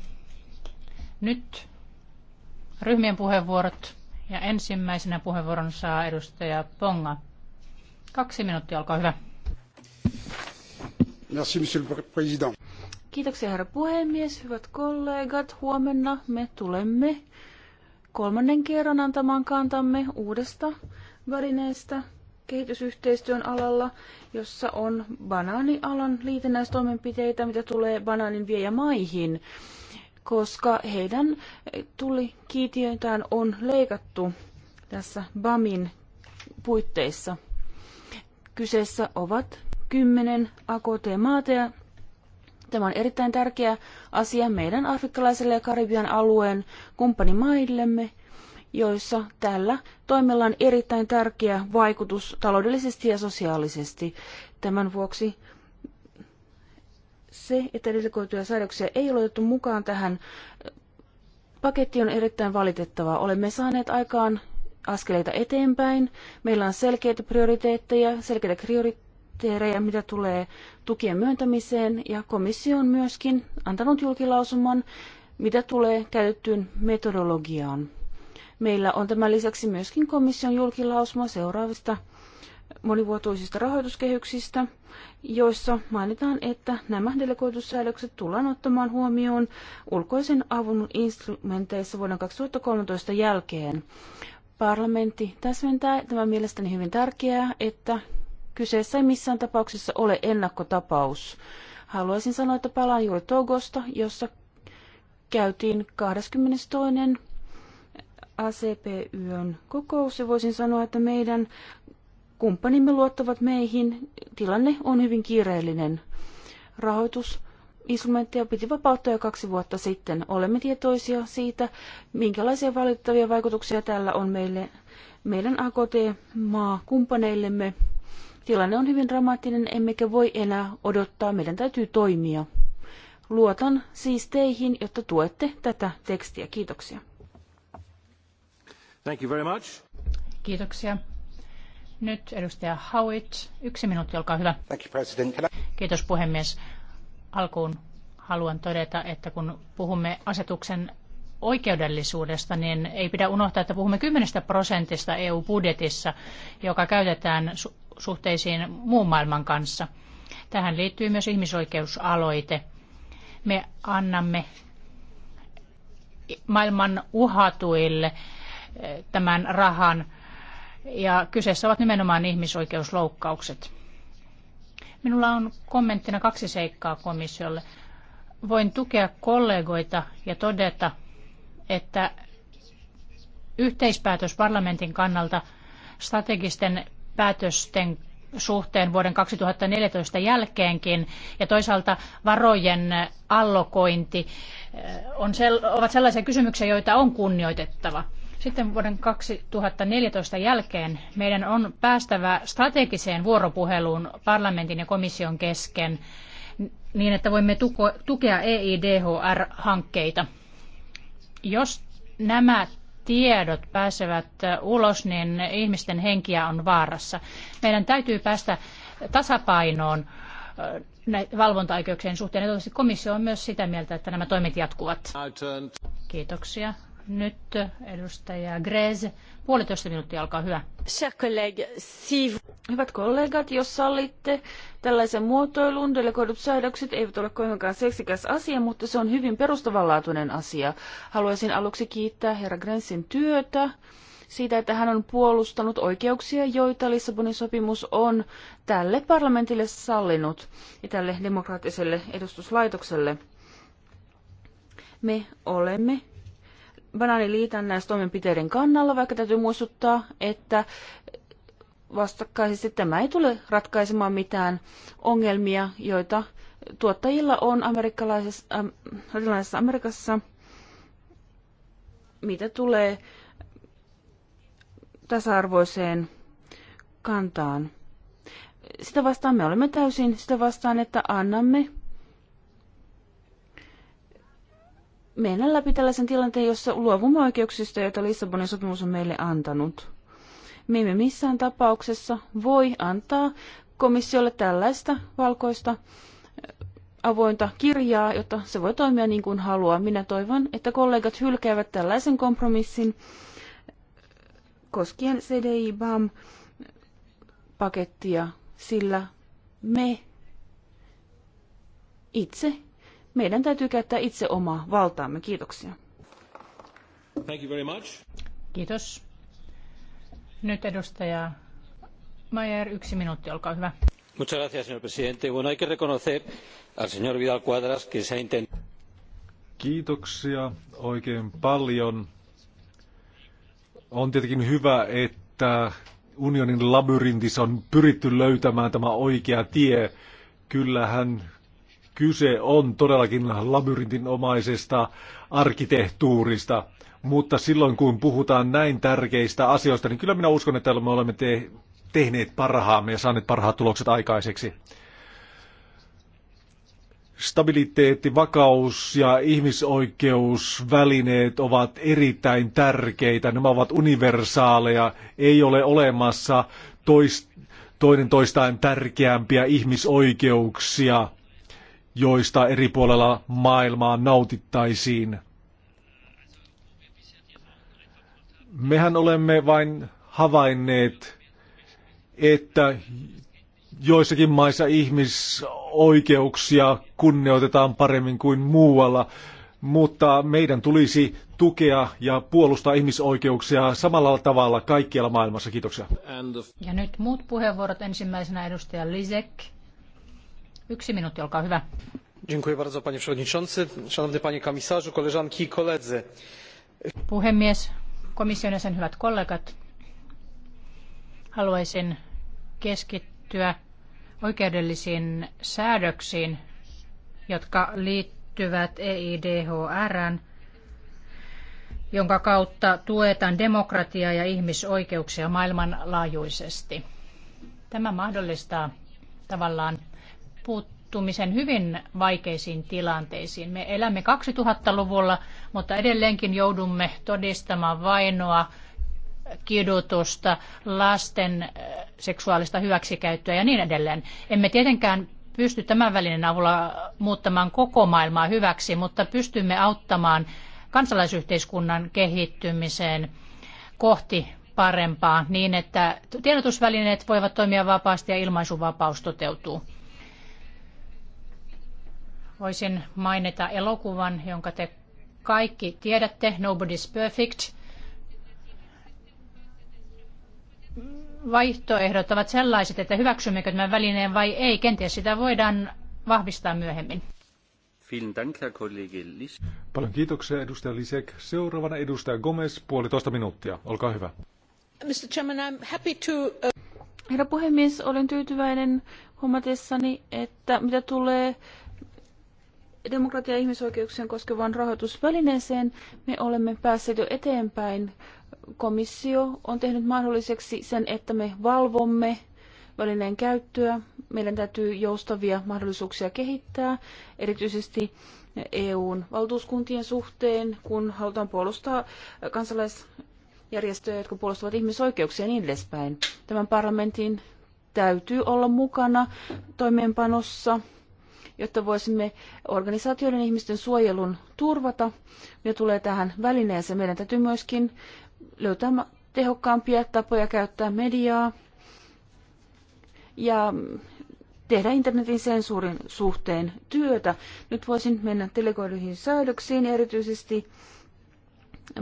Nyt ryhmien puheenvuorot ja ensimmäisenä puheenvuoron saa edustaja Ponga Kaksi minuuttia, olkaa hyvä. Merci, monsieur le président. Kiitoksia, herra puhemies. Hyvät kollegat, huomenna me tulemme kolmannen kerran antamaan kantamme uudesta välineestä kehitysyhteistyön alalla, jossa on banaanialan liitännäistoimenpiteitä, mitä tulee banaanin viejämaihin, koska heidän tulikiitiöitään on leikattu tässä BAMin puitteissa – Kyseessä ovat kymmenen AKT-maata ja tämä on erittäin tärkeä asia meidän afrikkalaiselle ja Karibian alueen kumppanimaillemme, joissa tällä toimella on erittäin tärkeä vaikutus taloudellisesti ja sosiaalisesti. Tämän vuoksi se, että delegoituja säädöksiä ei ole otettu mukaan tähän pakettiin on erittäin valitettavaa. Olemme saaneet aikaan askeleita eteenpäin. Meillä on selkeitä prioriteetteja, selkeitä prioriteereja, mitä tulee tukien myöntämiseen, ja komissio on myöskin antanut julkilausuman, mitä tulee käytettyyn metodologiaan. Meillä on tämän lisäksi myöskin komission julkilausuma seuraavista monivuotuisista rahoituskehyksistä, joissa mainitaan, että nämä delegoitussäädökset tullaan ottamaan huomioon ulkoisen avun instrumenteissa vuoden 2013 jälkeen. Parlamentti täsmentää, tämä on mielestäni hyvin tärkeää, että kyseessä ei missään tapauksessa ole ennakkotapaus. Haluaisin sanoa, että palaan juuri Togosta, jossa käytiin 22. ACP-yön kokous ja voisin sanoa, että meidän kumppanimme luottavat meihin. Tilanne on hyvin kiireellinen. Rahoitus instrumentteja piti vapauttaa jo kaksi vuotta sitten. Olemme tietoisia siitä, minkälaisia valitettavia vaikutuksia tällä on meille, meidän AKT-maakumppaneillemme. Tilanne on hyvin dramaattinen, emmekä voi enää odottaa. Meidän täytyy toimia. Luotan siis teihin, jotta tuette tätä tekstiä. Kiitoksia. Thank you very much. Kiitoksia. Nyt edustaja Howitt. Yksi minuutti, olkaa hyvä. Thank you, President. Kiitos puhemies alkuun haluan todeta, että kun puhumme asetuksen oikeudellisuudesta, niin ei pidä unohtaa, että puhumme 10 prosentista EU-budjetissa, joka käytetään su- suhteisiin muun maailman kanssa. Tähän liittyy myös ihmisoikeusaloite. Me annamme maailman uhatuille eh, tämän rahan, ja kyseessä ovat nimenomaan ihmisoikeusloukkaukset. Minulla on kommenttina kaksi seikkaa komissiolle. Voin tukea kollegoita ja todeta, että yhteispäätös parlamentin kannalta strategisten päätösten suhteen vuoden 2014 jälkeenkin ja toisaalta varojen allokointi eh, on, ovat sellaisia kysymyksiä, joita on kunnioitettava. Sitten vuoden 2014 jälkeen meidän on päästävä strategiseen vuoropuheluun parlamentin ja komission kesken niin, että voimme tukea EIDHR-hankkeita. Jos nämä tiedot pääsevät ulos, niin ihmisten henkiä on vaarassa. Meidän täytyy päästä tasapainoon valvontaoikeuksien suhteen. Ja komissio on myös sitä mieltä, että nämä toimet jatkuvat. Kiitoksia. Nyt edustaja Grez, puolitoista minuuttia, alkaa hyvä. Hyvät kollegat, jos sallitte tällaisen muotoilun, delegoidut säädökset eivät ole kovinkaan seksikäs asia, mutta se on hyvin perustavanlaatuinen asia. Haluaisin aluksi kiittää herra Grensin työtä siitä, että hän on puolustanut oikeuksia, joita Lissabonin sopimus on tälle parlamentille sallinut ja tälle demokraattiselle edustuslaitokselle. Me olemme toimenpiteiden kannalla, vaikka täytyy muistuttaa, että vastakkaisesti tämä ei tule ratkaisemaan mitään ongelmia, joita tuottajilla on amerikkalaisessa, äh, Amerikassa, mitä tulee tasa-arvoiseen kantaan. Sitä vastaan me olemme täysin sitä vastaan, että annamme mennä läpi tällaisen tilanteen, jossa luovumme oikeuksista, joita Lissabonin sopimus on meille antanut. Me emme missään tapauksessa voi antaa komissiolle tällaista valkoista äh, avointa kirjaa, jotta se voi toimia niin kuin haluaa. Minä toivon, että kollegat hylkäävät tällaisen kompromissin äh, koskien CDI-BAM-pakettia, sillä me itse meidän täytyy käyttää itse omaa valtaamme. Kiitoksia. Thank you very much. Kiitos. Nyt edustaja Mayer, yksi minuutti, olkaa hyvä. Muchas gracias, señor presidente. Bueno, hay que reconocer al señor Vidal Cuadras que se ha intentado... Kiitoksia oikein paljon. On tietenkin hyvä, että unionin labyrintissä on pyritty löytämään tämä oikea tie. Kyllähän kyse on todellakin labyrintinomaisesta arkkitehtuurista. Mutta silloin kun puhutaan näin tärkeistä asioista, niin kyllä minä uskon, että me olemme te- tehneet parhaamme ja saaneet parhaat tulokset aikaiseksi. Stabiliteetti, vakaus ja ihmisoikeusvälineet ovat erittäin tärkeitä. Nämä ovat universaaleja. Ei ole olemassa toist- toinen toistaan tärkeämpiä ihmisoikeuksia joista eri puolella maailmaa nautittaisiin. Mehän olemme vain havainneet, että joissakin maissa ihmisoikeuksia kunnioitetaan paremmin kuin muualla, mutta meidän tulisi tukea ja puolustaa ihmisoikeuksia samalla tavalla kaikkialla maailmassa. Kiitoksia. Ja nyt muut puheenvuorot. Ensimmäisenä edustaja Lisek. Yksi minuutti, olkaa hyvä. Dziękuję bardzo, panie przewodniczący, szanowny panie komisarzu, koleżanki i koledzy. Puhemies, komission jäsen, hyvät kollegat. Haluaisin keskittyä oikeudellisiin säädöksiin, jotka liittyvät EIDHRn jonka kautta tuetaan demokratiaa ja ihmisoikeuksia maailmanlaajuisesti. Tämä mahdollistaa tavallaan puuttumisen hyvin vaikeisiin tilanteisiin. Me elämme 2000-luvulla, mutta edelleenkin joudumme todistamaan vainoa, kidutusta, lasten äh, seksuaalista hyväksikäyttöä ja niin edelleen. Emme tietenkään pysty tämän välinen avulla muuttamaan koko maailmaa hyväksi, mutta pystymme auttamaan kansalaisyhteiskunnan kehittymiseen kohti parempaa niin, että tiedotusvälineet voivat toimia vapaasti ja ilmaisuvapaus toteutuu. Voisin mainita elokuvan, jonka te kaikki tiedätte, Nobody's Perfect. Vaihtoehdot ovat sellaiset, että hyväksymmekö tämän välineen vai ei. Kenties sitä voidaan vahvistaa myöhemmin. Paljon kiitoksia edustaja Lisek. Seuraavana edustaja Gomez, puolitoista minuuttia. Olkaa hyvä. Mr. Chairman, I'm happy to... Uh, Herra puhemies, olen tyytyväinen huomatessani, että mitä tulee demokratia- ja ihmisoikeuksien koskevaan rahoitusvälineeseen me olemme päässeet jo eteenpäin. Komissio on tehnyt mahdolliseksi sen, että me valvomme välineen käyttöä. Meidän täytyy joustavia mahdollisuuksia kehittää, erityisesti EUn valtuuskuntien suhteen, kun halutaan puolustaa kansalaisjärjestöjä, jotka puolustavat ihmisoikeuksia ja niin edespäin. Tämän parlamentin täytyy olla mukana toimeenpanossa jotta voisimme organisaatioiden ihmisten suojelun turvata. Ja tulee tähän välineeseen. Meidän täytyy myöskin löytää tehokkaampia tapoja käyttää mediaa ja tehdä internetin sensuurin suhteen työtä. Nyt voisin mennä delegoiduihin säädöksiin, erityisesti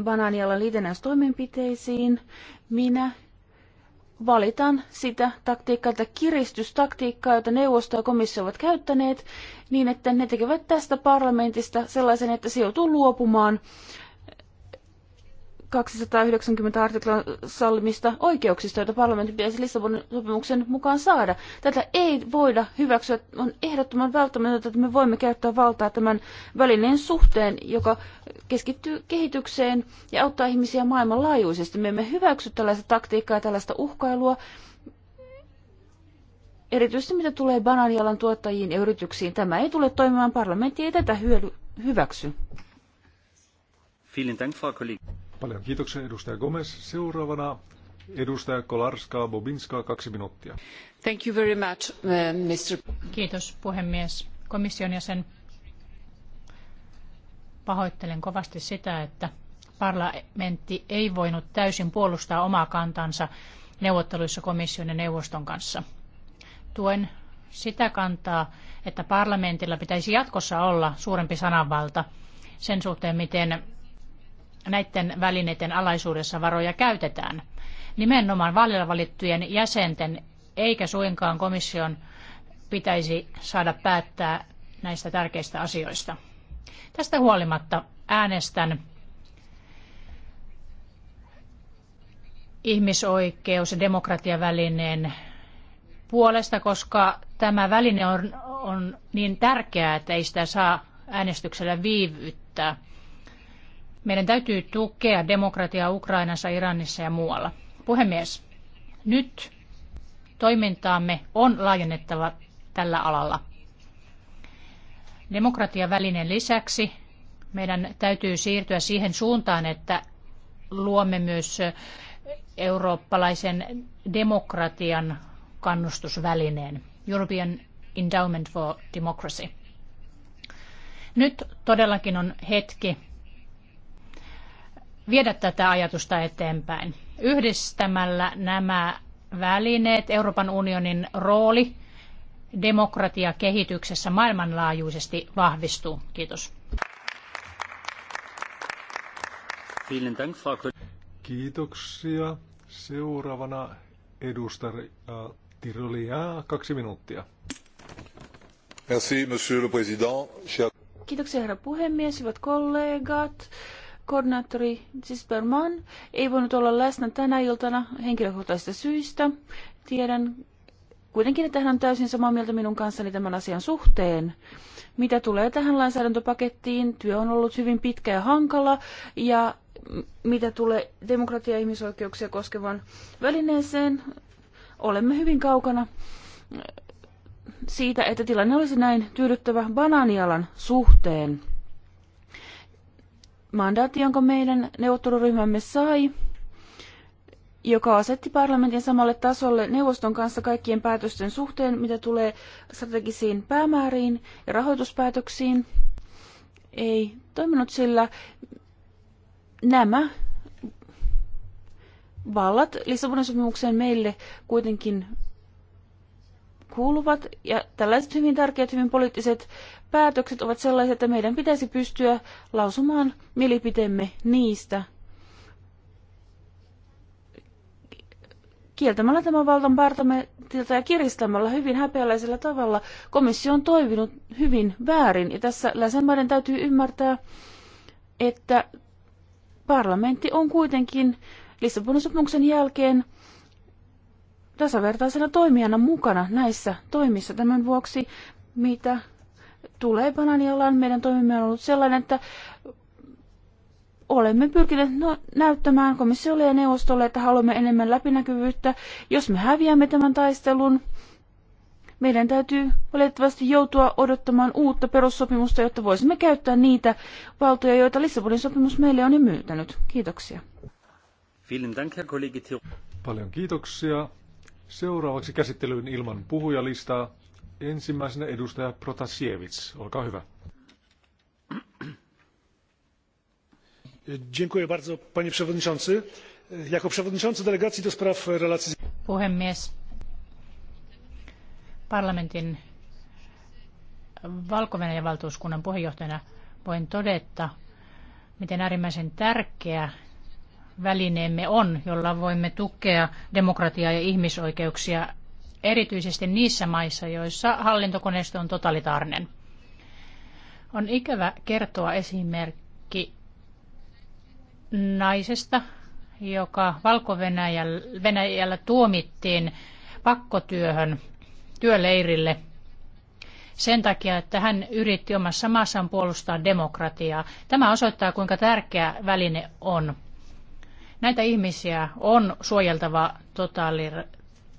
banaanialan liitännäistoimenpiteisiin. Minä valitaan sitä taktiikkaa tätä kiristystaktiikkaa, jota neuvosto ja komissio ovat käyttäneet, niin että ne tekevät tästä parlamentista sellaisen, että se joutuu luopumaan 290 artiklan sallimista oikeuksista, joita parlamentin pitäisi Lissabonin sopimuksen mukaan saada. Tätä ei voida hyväksyä. On ehdottoman välttämätöntä, että me voimme käyttää valtaa tämän välineen suhteen, joka keskittyy kehitykseen ja auttaa ihmisiä maailmanlaajuisesti. Me emme hyväksy tällaista taktiikkaa ja tällaista uhkailua. Erityisesti mitä tulee banaanialan tuottajiin ja yrityksiin, tämä ei tule toimimaan. Parlamentti ei tätä hyödy- hyväksy. Vielen Dank, Frau Kollegin. Paljon kiitoksia edustaja Gomez. Seuraavana edustaja Kolarska Bobinska, kaksi minuuttia. Thank you very much, uh, Mr. Kiitos puhemies. Komission jäsen, pahoittelen kovasti sitä, että parlamentti ei voinut täysin puolustaa omaa kantansa neuvotteluissa komission ja neuvoston kanssa. Tuen sitä kantaa, että parlamentilla pitäisi jatkossa olla suurempi sananvalta sen suhteen, miten näiden välineiden alaisuudessa varoja käytetään. Nimenomaan vaalilla valittujen jäsenten eikä suinkaan komission pitäisi saada päättää näistä tärkeistä asioista. Tästä huolimatta äänestän ihmisoikeus- ja demokratiavälineen puolesta, koska tämä väline on, on niin tärkeää, että ei sitä saa äänestyksellä viivyttää. Meidän täytyy tukea demokratiaa Ukrainassa, Iranissa ja muualla. Puhemies, nyt toimintaamme on laajennettava tällä alalla. Demokratiavälinen lisäksi meidän täytyy siirtyä siihen suuntaan, että luomme myös eurooppalaisen demokratian kannustusvälineen, European Endowment for Democracy. Nyt todellakin on hetki viedä tätä ajatusta eteenpäin. Yhdistämällä nämä välineet, Euroopan unionin rooli demokratiakehityksessä maailmanlaajuisesti vahvistuu. Kiitos. Kiitoksia. Seuraavana edustaja äh, Tirolia, kaksi minuuttia. Merci, monsieur le président. Kiitoksia herra puhemies, hyvät kollegat koordinaattori Zisperman ei voinut olla läsnä tänä iltana henkilökohtaisista syistä. Tiedän kuitenkin, että hän on täysin samaa mieltä minun kanssani tämän asian suhteen. Mitä tulee tähän lainsäädäntöpakettiin, työ on ollut hyvin pitkä ja hankala, ja mitä tulee demokratia- ja ihmisoikeuksia koskevan välineeseen, olemme hyvin kaukana siitä, että tilanne olisi näin tyydyttävä banaanialan suhteen mandaatti, jonka meidän neuvotteluryhmämme sai, joka asetti parlamentin samalle tasolle neuvoston kanssa kaikkien päätösten suhteen, mitä tulee strategisiin päämääriin ja rahoituspäätöksiin, ei toiminut sillä nämä vallat Lissabonin sopimukseen meille kuitenkin kuuluvat. Ja tällaiset hyvin tärkeät, hyvin poliittiset päätökset ovat sellaiset, että meidän pitäisi pystyä lausumaan mielipiteemme niistä. Kieltämällä tämän valtan parlamentilta ja kiristämällä hyvin häpeällisellä tavalla komissio on toiminut hyvin väärin. Ja tässä länsimaiden täytyy ymmärtää, että parlamentti on kuitenkin Lissabonin sopimuksen jälkeen – tasavertaisena toimijana mukana näissä toimissa. Tämän vuoksi, mitä tulee bananialaan, meidän toimimme on ollut sellainen, että olemme pyrkineet no, näyttämään komissiolle ja neuvostolle, että haluamme enemmän läpinäkyvyyttä. Jos me häviämme tämän taistelun, meidän täytyy valitettavasti joutua odottamaan uutta perussopimusta, jotta voisimme käyttää niitä valtoja, joita Lissabonin sopimus meille on jo myytänyt. Kiitoksia. Paljon kiitoksia. Seuraavaksi käsittelyyn ilman puhujalistaa. Ensimmäisenä edustaja Protasiewicz. Olkaa hyvä. Dziękuję bardzo, panie przewodniczący. Jako przewodniczący delegacji do spraw relacji... Puhemies. Parlamentin valko valtuuskunnan puheenjohtajana voin todeta, miten äärimmäisen tärkeä välineemme on, jolla voimme tukea demokratiaa ja ihmisoikeuksia erityisesti niissä maissa, joissa hallintokoneisto on totalitaarinen. On ikävä kertoa esimerkki naisesta, joka Valko-Venäjällä Venäjällä tuomittiin pakkotyöhön työleirille sen takia, että hän yritti omassa maassaan puolustaa demokratiaa. Tämä osoittaa, kuinka tärkeä väline on. Näitä ihmisiä on suojeltava totaali-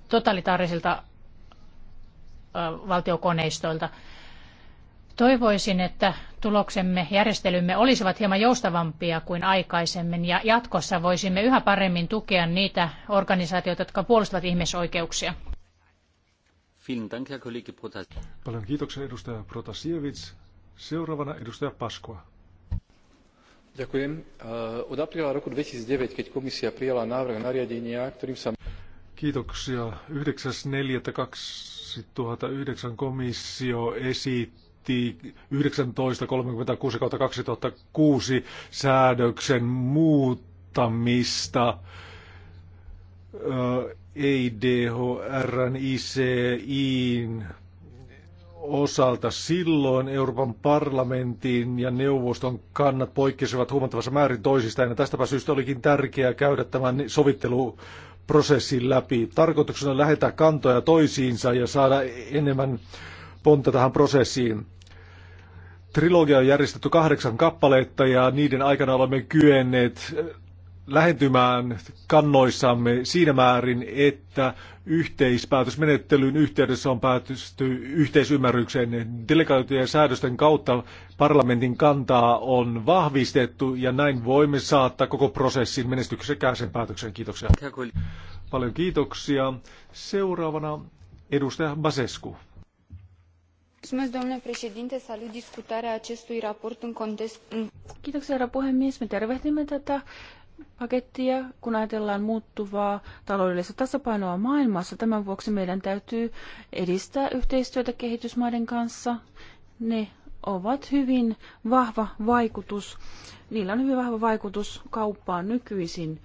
totalitaarisilta valtiokoneistoilta. Toivoisin, että tuloksemme, järjestelymme olisivat hieman joustavampia kuin aikaisemmin ja jatkossa voisimme yhä paremmin tukea niitä organisaatioita, jotka puolustavat ihmisoikeuksia. Paljon kiitoksia edustaja Protasiewicz. Seuraavana edustaja Paskoa od apríla roku two thousand and nine keď komisia prijala návrh nariadenia ktorým sa Kiitoksia. neljättä yhdeksän komissio esitti yhdeksäntoista kolmekymmentä kuusi kautta 1936 kuusi säädöksen muuttamista EIDHRn ICIin osalta silloin Euroopan parlamentin ja neuvoston kannat poikkesivat huomattavassa määrin toisistaan. Ja tästäpä syystä olikin tärkeää käydä tämän sovitteluprosessin läpi. Tarkoituksena lähettää kantoja toisiinsa ja saada enemmän pontta tähän prosessiin. Trilogia on järjestetty kahdeksan kappaletta ja niiden aikana olemme kyenneet lähentymään kannoissamme siinä määrin, että yhteispäätösmenettelyn yhteydessä on päätösty yhteisymmärrykseen. delegaatioiden säädösten kautta parlamentin kantaa on vahvistettu ja näin voimme saattaa koko prosessin menestyksekkääseen päätökseen. Kiitoksia. Paljon kiitoksia. Seuraavana edustaja Basescu. Salut discutarea acestui raport în context... Kiitoksia herra puhemies. Me tervehdimme tätä pakettia, kun ajatellaan muuttuvaa taloudellista tasapainoa maailmassa. Tämän vuoksi meidän täytyy edistää yhteistyötä kehitysmaiden kanssa. Ne ovat hyvin vahva vaikutus. Niillä on hyvin vahva vaikutus kauppaan nykyisin.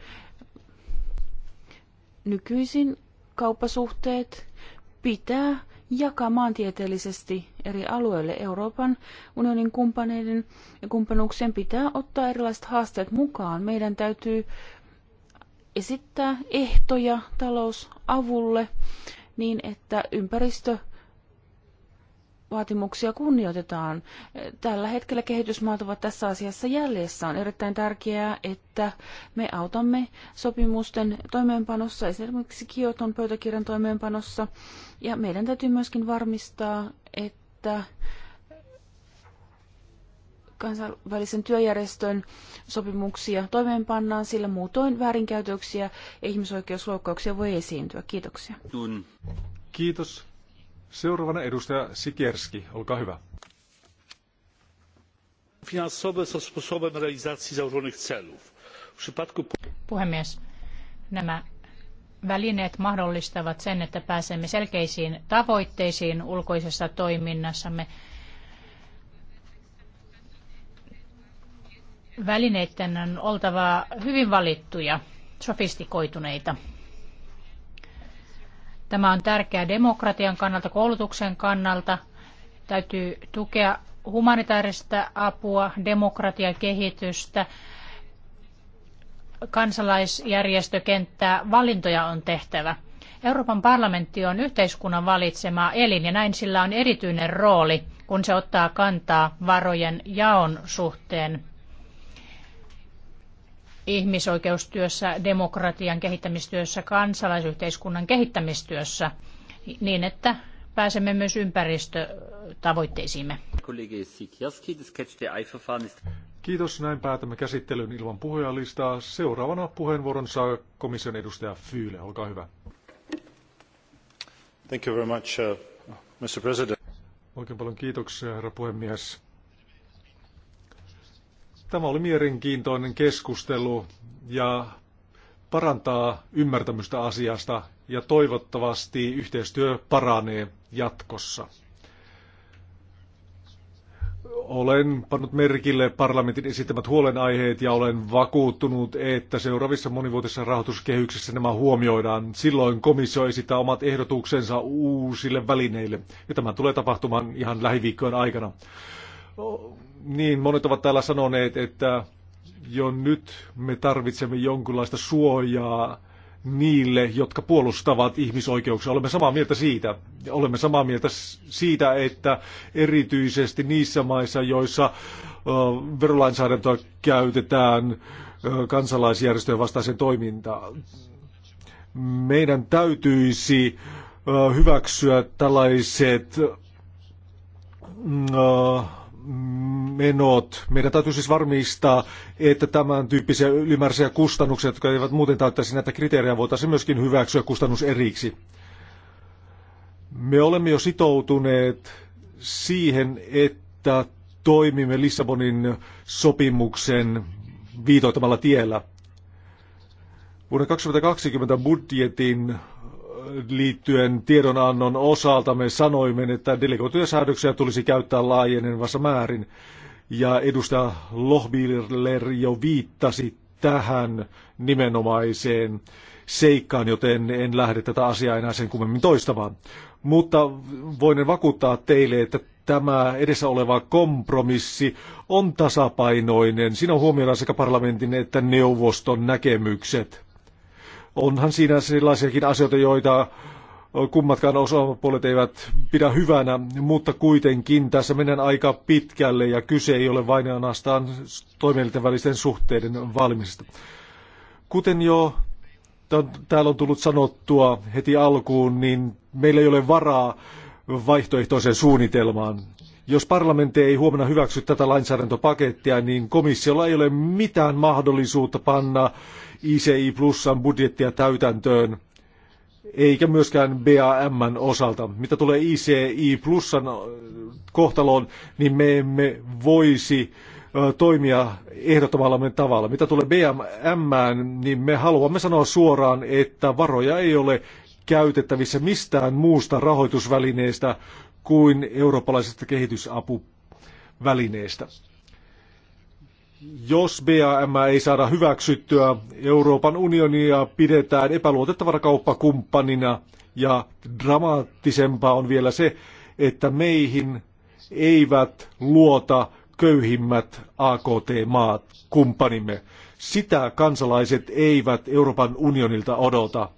Nykyisin kauppasuhteet pitää jakaa maantieteellisesti eri alueille Euroopan unionin kumppaneiden ja kumppanuuksien pitää ottaa erilaiset haasteet mukaan. Meidän täytyy esittää ehtoja talousavulle niin, että ympäristö vaatimuksia kunnioitetaan. Tällä hetkellä kehitysmaat ovat tässä asiassa jäljessä. On erittäin tärkeää, että me autamme sopimusten toimeenpanossa, esimerkiksi Kioton pöytäkirjan toimeenpanossa. Ja meidän täytyy myöskin varmistaa, että kansainvälisen työjärjestön sopimuksia toimeenpannaan, sillä muutoin väärinkäytöksiä ja ihmisoikeusloukkauksia voi esiintyä. Kiitoksia. Kiitos. Seuraavana edustaja olkaa hyvä. Puhemies, nämä välineet mahdollistavat sen, että pääsemme selkeisiin tavoitteisiin ulkoisessa toiminnassamme. Välineiden on oltava hyvin valittuja, sofistikoituneita. Tämä on tärkeää demokratian kannalta, koulutuksen kannalta. Täytyy tukea humanitaarista apua, demokratiakehitystä, kansalaisjärjestökenttää, valintoja on tehtävä. Euroopan parlamentti on yhteiskunnan valitsema elin ja näin sillä on erityinen rooli, kun se ottaa kantaa varojen jaon suhteen ihmisoikeustyössä, demokratian kehittämistyössä, kansalaisyhteiskunnan kehittämistyössä niin, että pääsemme myös ympäristötavoitteisiimme. Kiitos, näin päätämme käsittelyn ilman puhujalistaa. Seuraavana puheenvuoron saa komission edustaja Fyyle, olkaa hyvä. Thank you very much, uh, Mr. President. Oikein paljon kiitoksia, herra puhemies. Tämä oli mielenkiintoinen keskustelu ja parantaa ymmärtämystä asiasta ja toivottavasti yhteistyö paranee jatkossa. Olen pannut merkille parlamentin esittämät huolenaiheet ja olen vakuuttunut, että seuraavissa monivuotisissa rahoituskehyksissä nämä huomioidaan. Silloin komissio esittää omat ehdotuksensa uusille välineille ja tämä tulee tapahtumaan ihan lähiviikkojen aikana. No, niin monet ovat täällä sanoneet, että jo nyt me tarvitsemme jonkinlaista suojaa niille, jotka puolustavat ihmisoikeuksia. Olemme samaa mieltä siitä. Olemme samaa mieltä siitä, että erityisesti niissä maissa, joissa verolainsäädäntöä käytetään kansalaisjärjestöjen vastaiseen toimintaan, meidän täytyisi hyväksyä tällaiset mm, menot. Meidän täytyy siis varmistaa, että tämän tyyppisiä ylimääräisiä kustannuksia, jotka eivät muuten täyttäisi näitä kriteerejä, voitaisiin myöskin hyväksyä kustannuseriksi. Me olemme jo sitoutuneet siihen, että toimimme Lissabonin sopimuksen viitoittamalla tiellä. Vuoden 2020 budjetin liittyen tiedonannon osalta me sanoimme, että delegoituja säädöksiä tulisi käyttää laajenevassa määrin. Ja edustaja Lohbiller jo viittasi tähän nimenomaiseen seikkaan, joten en lähde tätä asiaa enää sen kummemmin toistamaan. Mutta voin vakuuttaa teille, että tämä edessä oleva kompromissi on tasapainoinen. Siinä on huomioidaan sekä parlamentin että neuvoston näkemykset. Onhan siinä sellaisiakin asioita, joita kummatkaan osapuolet eivät pidä hyvänä, mutta kuitenkin tässä mennään aika pitkälle ja kyse ei ole vain ainoastaan toimielinten välisten suhteiden valmisesta. Kuten jo täällä on tullut sanottua heti alkuun, niin meillä ei ole varaa vaihtoehtoiseen suunnitelmaan. Jos parlamentti ei huomenna hyväksy tätä lainsäädäntöpakettia, niin komissiolla ei ole mitään mahdollisuutta panna ICI Plusan budjettia täytäntöön, eikä myöskään BAMn osalta. Mitä tulee ICI Plusan kohtaloon, niin me emme voisi toimia ehdottamallamme tavalla. Mitä tulee BMM, niin me haluamme sanoa suoraan, että varoja ei ole käytettävissä mistään muusta rahoitusvälineestä kuin eurooppalaisesta kehitysapuvälineestä jos BAM ei saada hyväksyttyä, Euroopan unionia pidetään epäluotettavana kauppakumppanina ja dramaattisempaa on vielä se, että meihin eivät luota köyhimmät AKT-maat, kumppanimme. Sitä kansalaiset eivät Euroopan unionilta odota.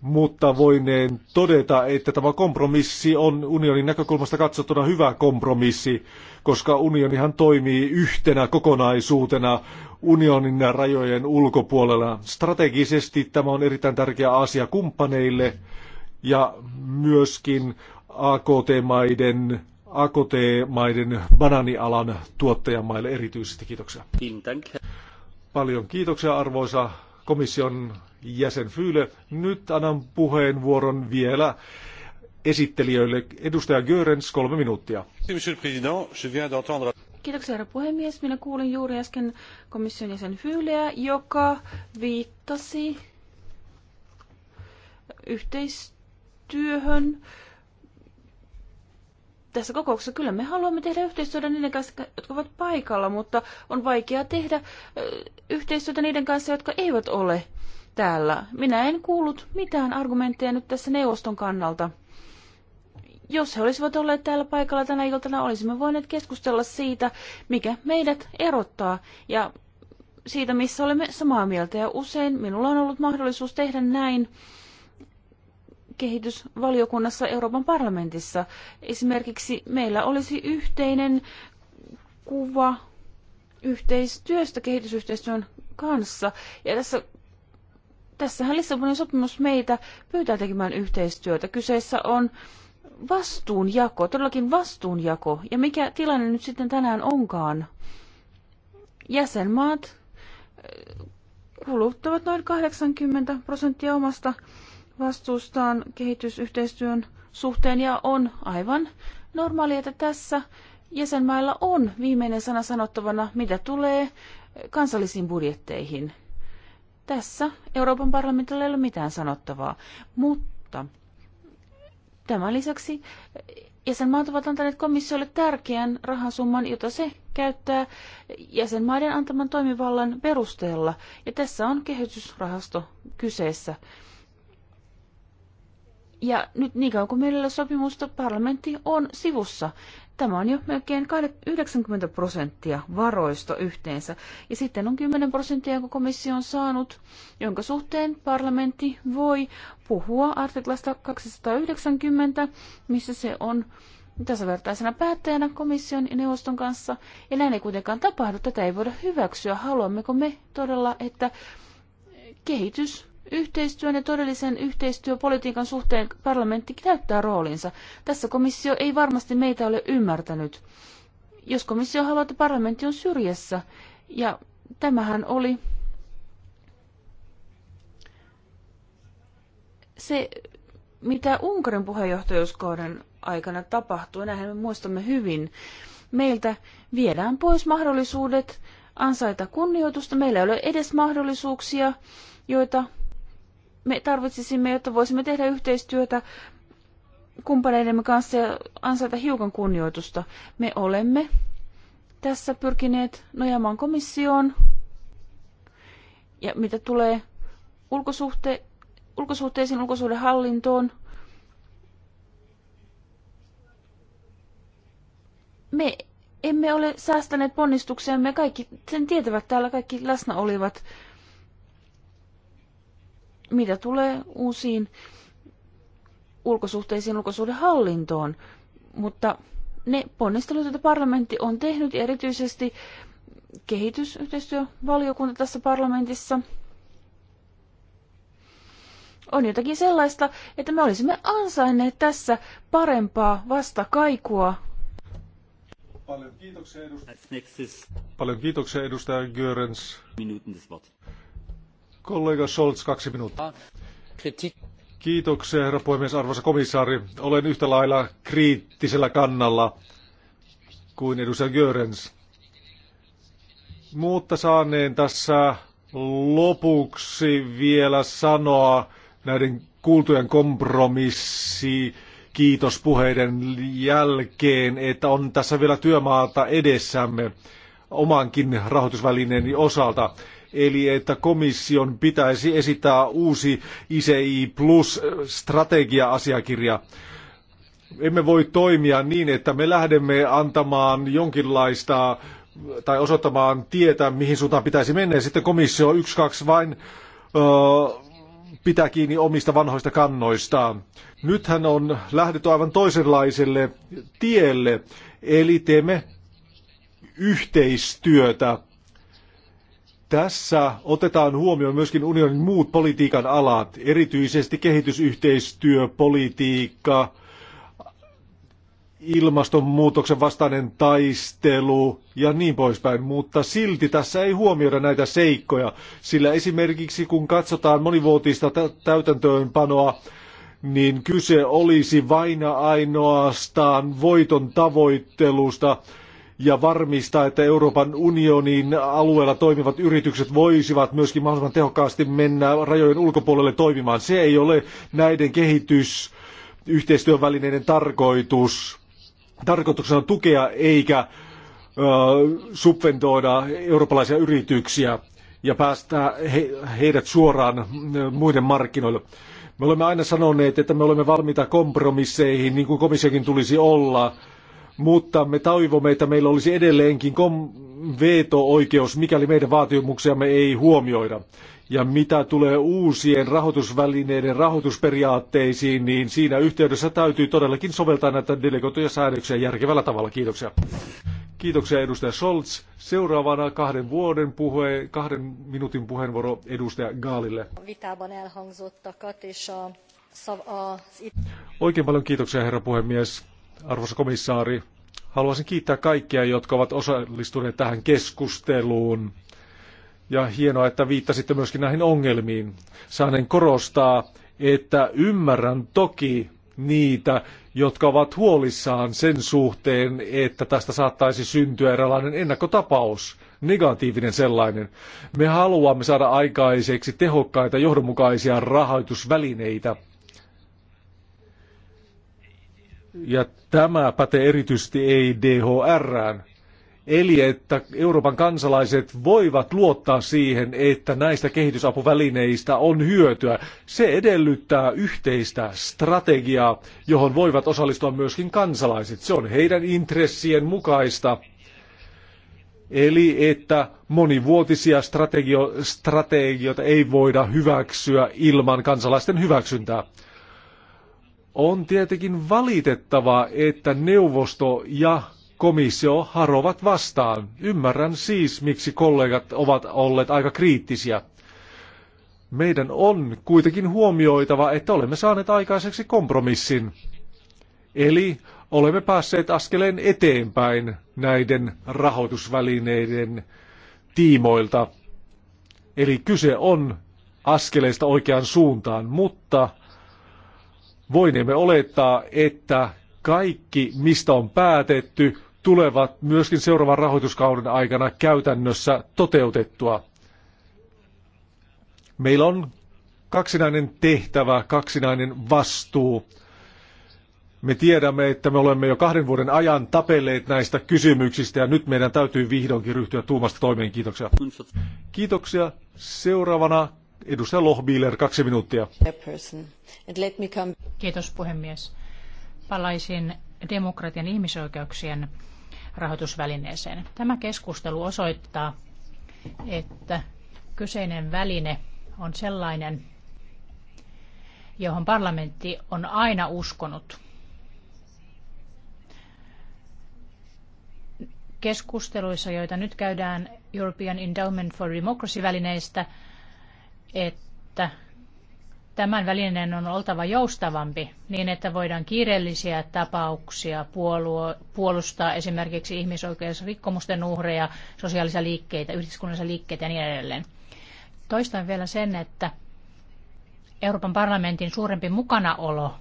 Mutta voineen todeta, että tämä kompromissi on unionin näkökulmasta katsottuna hyvä kompromissi koska unionihan toimii yhtenä kokonaisuutena unionin rajojen ulkopuolella. Strategisesti tämä on erittäin tärkeä asia kumppaneille ja myöskin AKT-maiden AKT-maiden bananialan tuottajamaille erityisesti. Kiitoksia. Paljon kiitoksia arvoisa komission jäsen Fyyle. Nyt annan puheenvuoron vielä esittelijöille. Edustaja Görens, kolme minuuttia. Kiitoksia, herra puhemies. Minä kuulin juuri äsken komission jäsen Fyyleä, joka viittasi yhteistyöhön tässä kokouksessa. Kyllä me haluamme tehdä yhteistyötä niiden kanssa, jotka ovat paikalla, mutta on vaikea tehdä yhteistyötä niiden kanssa, jotka eivät ole täällä. Minä en kuullut mitään argumentteja nyt tässä neuvoston kannalta. Jos he olisivat olleet täällä paikalla tänä iltana, olisimme voineet keskustella siitä, mikä meidät erottaa ja siitä, missä olemme samaa mieltä. Ja usein minulla on ollut mahdollisuus tehdä näin kehitysvaliokunnassa Euroopan parlamentissa. Esimerkiksi meillä olisi yhteinen kuva yhteistyöstä kehitysyhteistyön kanssa. Ja tässä, tässähän Lissabonin sopimus meitä pyytää tekemään yhteistyötä. Kyseessä on vastuunjako, todellakin vastuunjako. Ja mikä tilanne nyt sitten tänään onkaan? Jäsenmaat eh, kuluttavat noin 80 prosenttia omasta vastuustaan kehitysyhteistyön suhteen ja on aivan normaalia, että tässä jäsenmailla on viimeinen sana sanottavana, mitä tulee eh, kansallisiin budjetteihin. Tässä Euroopan parlamentilla ei ole mitään sanottavaa, mutta Tämän lisäksi jäsenmaat ovat antaneet komissiolle tärkeän rahasumman, jota se käyttää jäsenmaiden antaman toimivallan perusteella. Ja tässä on kehitysrahasto kyseessä. Ja nyt niin kauan kuin meillä sopimusta, parlamentti on sivussa. Tämä on jo melkein 90 prosenttia varoista yhteensä. Ja sitten on 10 prosenttia, jonka komissio on saanut, jonka suhteen parlamentti voi puhua artiklasta 290, missä se on tasavertaisena päättäjänä komission ja neuvoston kanssa. Ja näin ei kuitenkaan tapahdu. Tätä ei voida hyväksyä. Haluammeko me todella, että kehitys yhteistyön ja todellisen yhteistyöpolitiikan suhteen parlamentti täyttää roolinsa. Tässä komissio ei varmasti meitä ole ymmärtänyt. Jos komissio haluaa, että parlamentti on syrjässä, ja tämähän oli se, mitä Unkarin puheenjohtajuuskauden aikana tapahtui, näinhän me muistamme hyvin. Meiltä viedään pois mahdollisuudet ansaita kunnioitusta. Meillä ei ole edes mahdollisuuksia, joita me tarvitsisimme, jotta voisimme tehdä yhteistyötä kumppaneidemme kanssa ja ansaita hiukan kunnioitusta. Me olemme tässä pyrkineet nojaamaan komissioon. Ja mitä tulee ulkosuhte, ulkosuhteisiin, ulkosuhdehallintoon, me emme ole säästäneet ponnistuksia, me Kaikki sen tietävät täällä, kaikki läsnä olivat mitä tulee uusiin ulkosuhteisiin ulkosuhdehallintoon, mutta ne ponnistelut, joita parlamentti on tehnyt, erityisesti kehitysyhteistyövaliokunta tässä parlamentissa, on jotakin sellaista, että me olisimme ansainneet tässä parempaa vastakaikua. Paljon kiitoksia edustaja, Paljon kiitoksia edustaja Görens. Kollega Scholz, kaksi minuuttia. Kiitoksia, herra puhemies, arvoisa komissaari. Olen yhtä lailla kriittisellä kannalla kuin edustaja Görens. Mutta saaneen tässä lopuksi vielä sanoa näiden kuultujen kompromissi kiitospuheiden jälkeen, että on tässä vielä työmaata edessämme omankin rahoitusvälineeni osalta eli että komission pitäisi esittää uusi ICI Plus strategia-asiakirja. Emme voi toimia niin, että me lähdemme antamaan jonkinlaista tai osoittamaan tietä, mihin suuntaan pitäisi mennä. Ja sitten komissio 1-2 vain öö, pitää kiinni omista vanhoista kannoistaan. Nythän on lähdetty aivan toisenlaiselle tielle, eli teemme yhteistyötä tässä otetaan huomioon myöskin unionin muut politiikan alat, erityisesti kehitysyhteistyöpolitiikka, ilmastonmuutoksen vastainen taistelu ja niin poispäin, mutta silti tässä ei huomioida näitä seikkoja, sillä esimerkiksi kun katsotaan monivuotista täytäntöönpanoa, niin kyse olisi vain ainoastaan voiton tavoittelusta, ja varmistaa, että Euroopan unionin alueella toimivat yritykset voisivat myöskin mahdollisimman tehokkaasti mennä rajojen ulkopuolelle toimimaan. Se ei ole näiden kehitysyhteistyövälineiden tarkoitus. Tarkoituksena on tukea eikä ö, subventoida eurooppalaisia yrityksiä ja päästä he, heidät suoraan muiden markkinoille. Me olemme aina sanoneet, että me olemme valmiita kompromisseihin, niin kuin komissiokin tulisi olla mutta me toivomme, että meillä olisi edelleenkin veto-oikeus, mikäli meidän vaatimuksiamme ei huomioida. Ja mitä tulee uusien rahoitusvälineiden rahoitusperiaatteisiin, niin siinä yhteydessä täytyy todellakin soveltaa näitä delegoituja säädöksiä järkevällä tavalla. Kiitoksia. Kiitoksia edustaja Scholz. Seuraavana kahden vuoden puhe, kahden minuutin puheenvuoro edustaja Gaalille. Oikein paljon kiitoksia herra puhemies arvoisa komissaari. Haluaisin kiittää kaikkia, jotka ovat osallistuneet tähän keskusteluun. Ja hienoa, että viittasitte myöskin näihin ongelmiin. Saanen korostaa, että ymmärrän toki niitä, jotka ovat huolissaan sen suhteen, että tästä saattaisi syntyä eräänlainen ennakkotapaus, negatiivinen sellainen. Me haluamme saada aikaiseksi tehokkaita johdonmukaisia rahoitusvälineitä ja tämä pätee erityisesti EIDHRään. Eli että Euroopan kansalaiset voivat luottaa siihen, että näistä kehitysapuvälineistä on hyötyä. Se edellyttää yhteistä strategiaa, johon voivat osallistua myöskin kansalaiset. Se on heidän intressien mukaista. Eli että monivuotisia strategio- strategioita ei voida hyväksyä ilman kansalaisten hyväksyntää. On tietenkin valitettavaa, että neuvosto ja komissio harovat vastaan. Ymmärrän siis, miksi kollegat ovat olleet aika kriittisiä. Meidän on kuitenkin huomioitava, että olemme saaneet aikaiseksi kompromissin. Eli olemme päässeet askeleen eteenpäin näiden rahoitusvälineiden tiimoilta. Eli kyse on askeleista oikeaan suuntaan, mutta voinemme olettaa, että kaikki, mistä on päätetty, tulevat myöskin seuraavan rahoituskauden aikana käytännössä toteutettua. Meillä on kaksinainen tehtävä, kaksinainen vastuu. Me tiedämme, että me olemme jo kahden vuoden ajan tapelleet näistä kysymyksistä ja nyt meidän täytyy vihdoinkin ryhtyä tuumasta toimeen. Kiitoksia. Kiitoksia. Seuraavana Edustaja Lohbiiler, kaksi minuuttia. Kiitos puhemies. Palaisin demokratian ihmisoikeuksien rahoitusvälineeseen. Tämä keskustelu osoittaa, että kyseinen väline on sellainen, johon parlamentti on aina uskonut. Keskusteluissa, joita nyt käydään European Endowment for Democracy-välineistä, että tämän välineen on oltava joustavampi niin, että voidaan kiireellisiä tapauksia puolustaa esimerkiksi ihmisoikeusrikkomusten uhreja, sosiaalisia liikkeitä, yhteiskunnallisia liikkeitä ja niin edelleen. Toistan vielä sen, että Euroopan parlamentin suurempi mukanaolo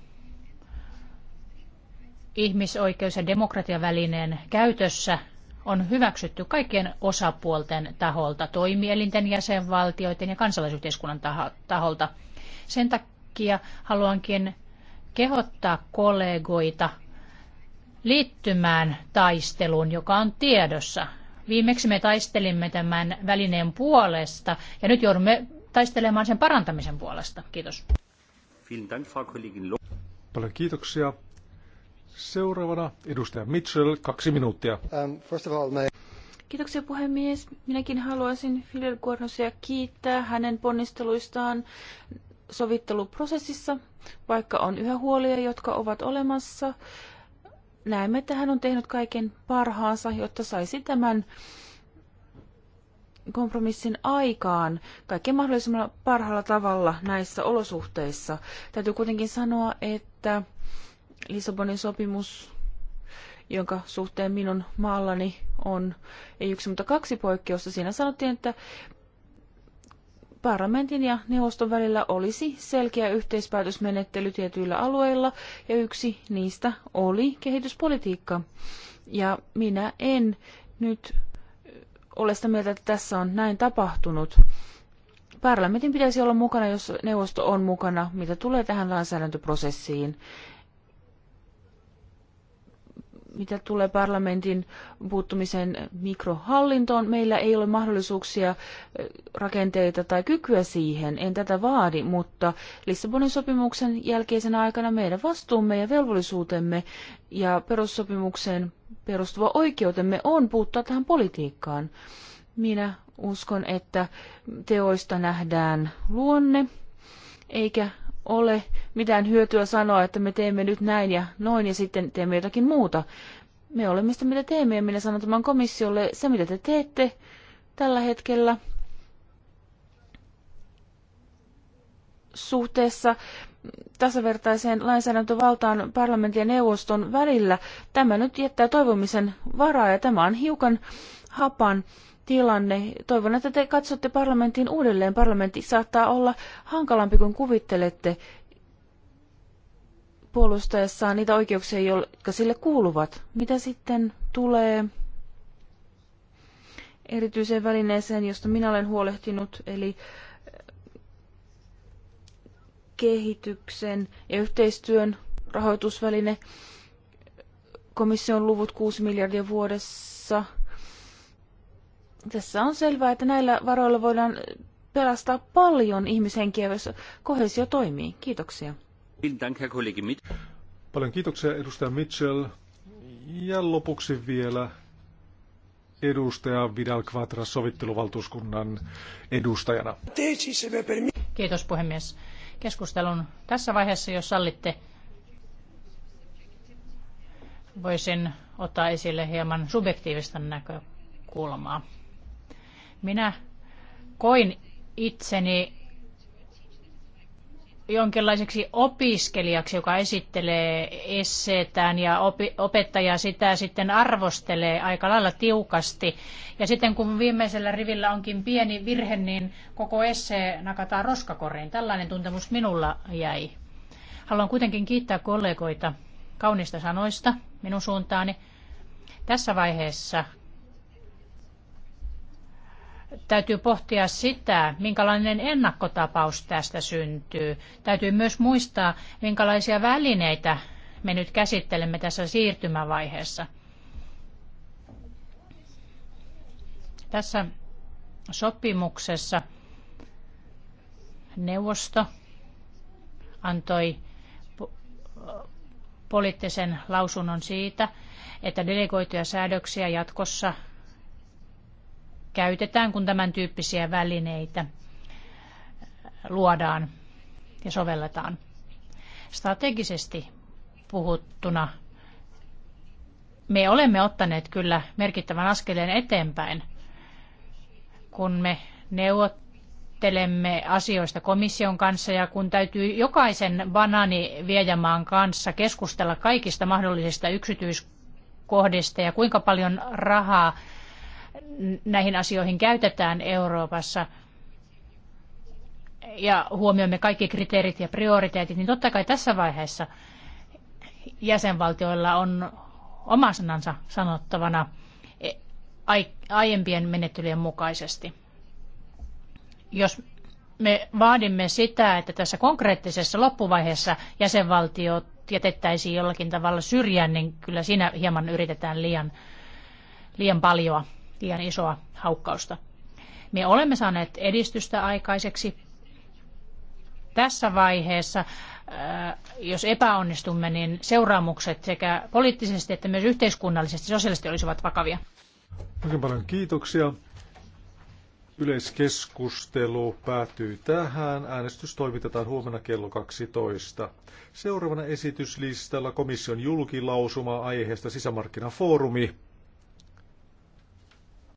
ihmisoikeus- ja demokratiavälineen käytössä on hyväksytty kaikkien osapuolten taholta, toimielinten jäsenvaltioiden ja kansalaisyhteiskunnan taholta. Sen takia haluankin kehottaa kollegoita liittymään taisteluun, joka on tiedossa. Viimeksi me taistelimme tämän välineen puolesta ja nyt joudumme taistelemaan sen parantamisen puolesta. Kiitos. Paljon kiitoksia. Seuraavana edustaja Mitchell, kaksi minuuttia. Um, first of all, may... Kiitoksia puhemies. Minäkin haluaisin Fidel Kuornosia kiittää hänen ponnisteluistaan sovitteluprosessissa, vaikka on yhä huolia, jotka ovat olemassa. Näemme, että hän on tehnyt kaiken parhaansa, jotta saisi tämän kompromissin aikaan kaiken mahdollisimman parhaalla tavalla näissä olosuhteissa. Täytyy kuitenkin sanoa, että Lissabonin sopimus, jonka suhteen minun maallani on ei yksi, mutta kaksi poikkeusta. Siinä sanottiin, että parlamentin ja neuvoston välillä olisi selkeä yhteispäätösmenettely tietyillä alueilla, ja yksi niistä oli kehityspolitiikka. Ja minä en nyt ole sitä mieltä, että tässä on näin tapahtunut. Parlamentin pitäisi olla mukana, jos neuvosto on mukana, mitä tulee tähän lainsäädäntöprosessiin mitä tulee parlamentin puuttumiseen mikrohallintoon, meillä ei ole mahdollisuuksia, rakenteita tai kykyä siihen, en tätä vaadi, mutta Lissabonin sopimuksen jälkeisenä aikana meidän vastuumme ja velvollisuutemme ja perussopimukseen perustuva oikeutemme on puuttua tähän politiikkaan. Minä uskon, että teoista nähdään luonne, eikä ole mitään hyötyä sanoa, että me teemme nyt näin ja noin ja sitten teemme jotakin muuta. Me olemme sitä, mitä teemme ja minä sanon tämän komissiolle, se mitä te teette tällä hetkellä suhteessa tasavertaiseen lainsäädäntövaltaan parlamentin ja neuvoston välillä. Tämä nyt jättää toivomisen varaa ja tämä on hiukan hapan tilanne. Toivon, että te katsotte parlamentin uudelleen. Parlamentti saattaa olla hankalampi kuin kuvittelette puolustaessaan niitä oikeuksia, jotka sille kuuluvat. Mitä sitten tulee erityiseen välineeseen, josta minä olen huolehtinut, eli eh, kehityksen ja yhteistyön rahoitusväline, komission luvut 6 miljardia vuodessa. Tässä on selvää, että näillä varoilla voidaan pelastaa paljon ihmishenkiä, jos kohesio toimii. Kiitoksia. Paljon kiitoksia edustaja Mitchell. Ja lopuksi vielä edustaja Vidal Quatras sovitteluvaltuuskunnan edustajana. Kiitos puhemies. Keskustelun tässä vaiheessa, jos sallitte, voisin ottaa esille hieman subjektiivista näkökulmaa. Minä koin itseni jonkinlaiseksi opiskelijaksi, joka esittelee esseetään ja opi- opettaja sitä sitten arvostelee aika lailla tiukasti. Ja sitten kun viimeisellä rivillä onkin pieni virhe, niin koko essee nakataan roskakoriin. Tällainen tuntemus minulla jäi. Haluan kuitenkin kiittää kollegoita kaunista sanoista minun suuntaani. Tässä vaiheessa täytyy pohtia sitä, minkälainen ennakkotapaus tästä syntyy. Täytyy myös muistaa, minkälaisia välineitä me nyt käsittelemme tässä siirtymävaiheessa. Tässä sopimuksessa neuvosto antoi poliittisen lausunnon siitä, että delegoituja säädöksiä jatkossa käytetään, kun tämän tyyppisiä välineitä luodaan ja sovelletaan. Strategisesti puhuttuna me olemme ottaneet kyllä merkittävän askeleen eteenpäin, kun me neuvottelemme asioista komission kanssa ja kun täytyy jokaisen banani viejämaan kanssa keskustella kaikista mahdollisista yksityiskohdista ja kuinka paljon rahaa näihin asioihin käytetään Euroopassa ja huomioimme kaikki kriteerit ja prioriteetit, niin totta kai tässä vaiheessa jäsenvaltioilla on oma sanansa sanottavana e- aiempien menettelyjen mukaisesti. Jos me vaadimme sitä, että tässä konkreettisessa loppuvaiheessa jäsenvaltiot jätettäisiin jollakin tavalla syrjään, niin kyllä siinä hieman yritetään liian, liian paljoa liian isoa haukkausta. Me olemme saaneet edistystä aikaiseksi. Tässä vaiheessa, äh, jos epäonnistumme, niin seuraamukset sekä poliittisesti että myös yhteiskunnallisesti sosiaalisesti olisivat vakavia. Oikein paljon kiitoksia. Yleiskeskustelu päätyy tähän. Äänestys toimitetaan huomenna kello 12. Seuraavana esityslistalla komission julkilausuma aiheesta sisämarkkinafoorumi.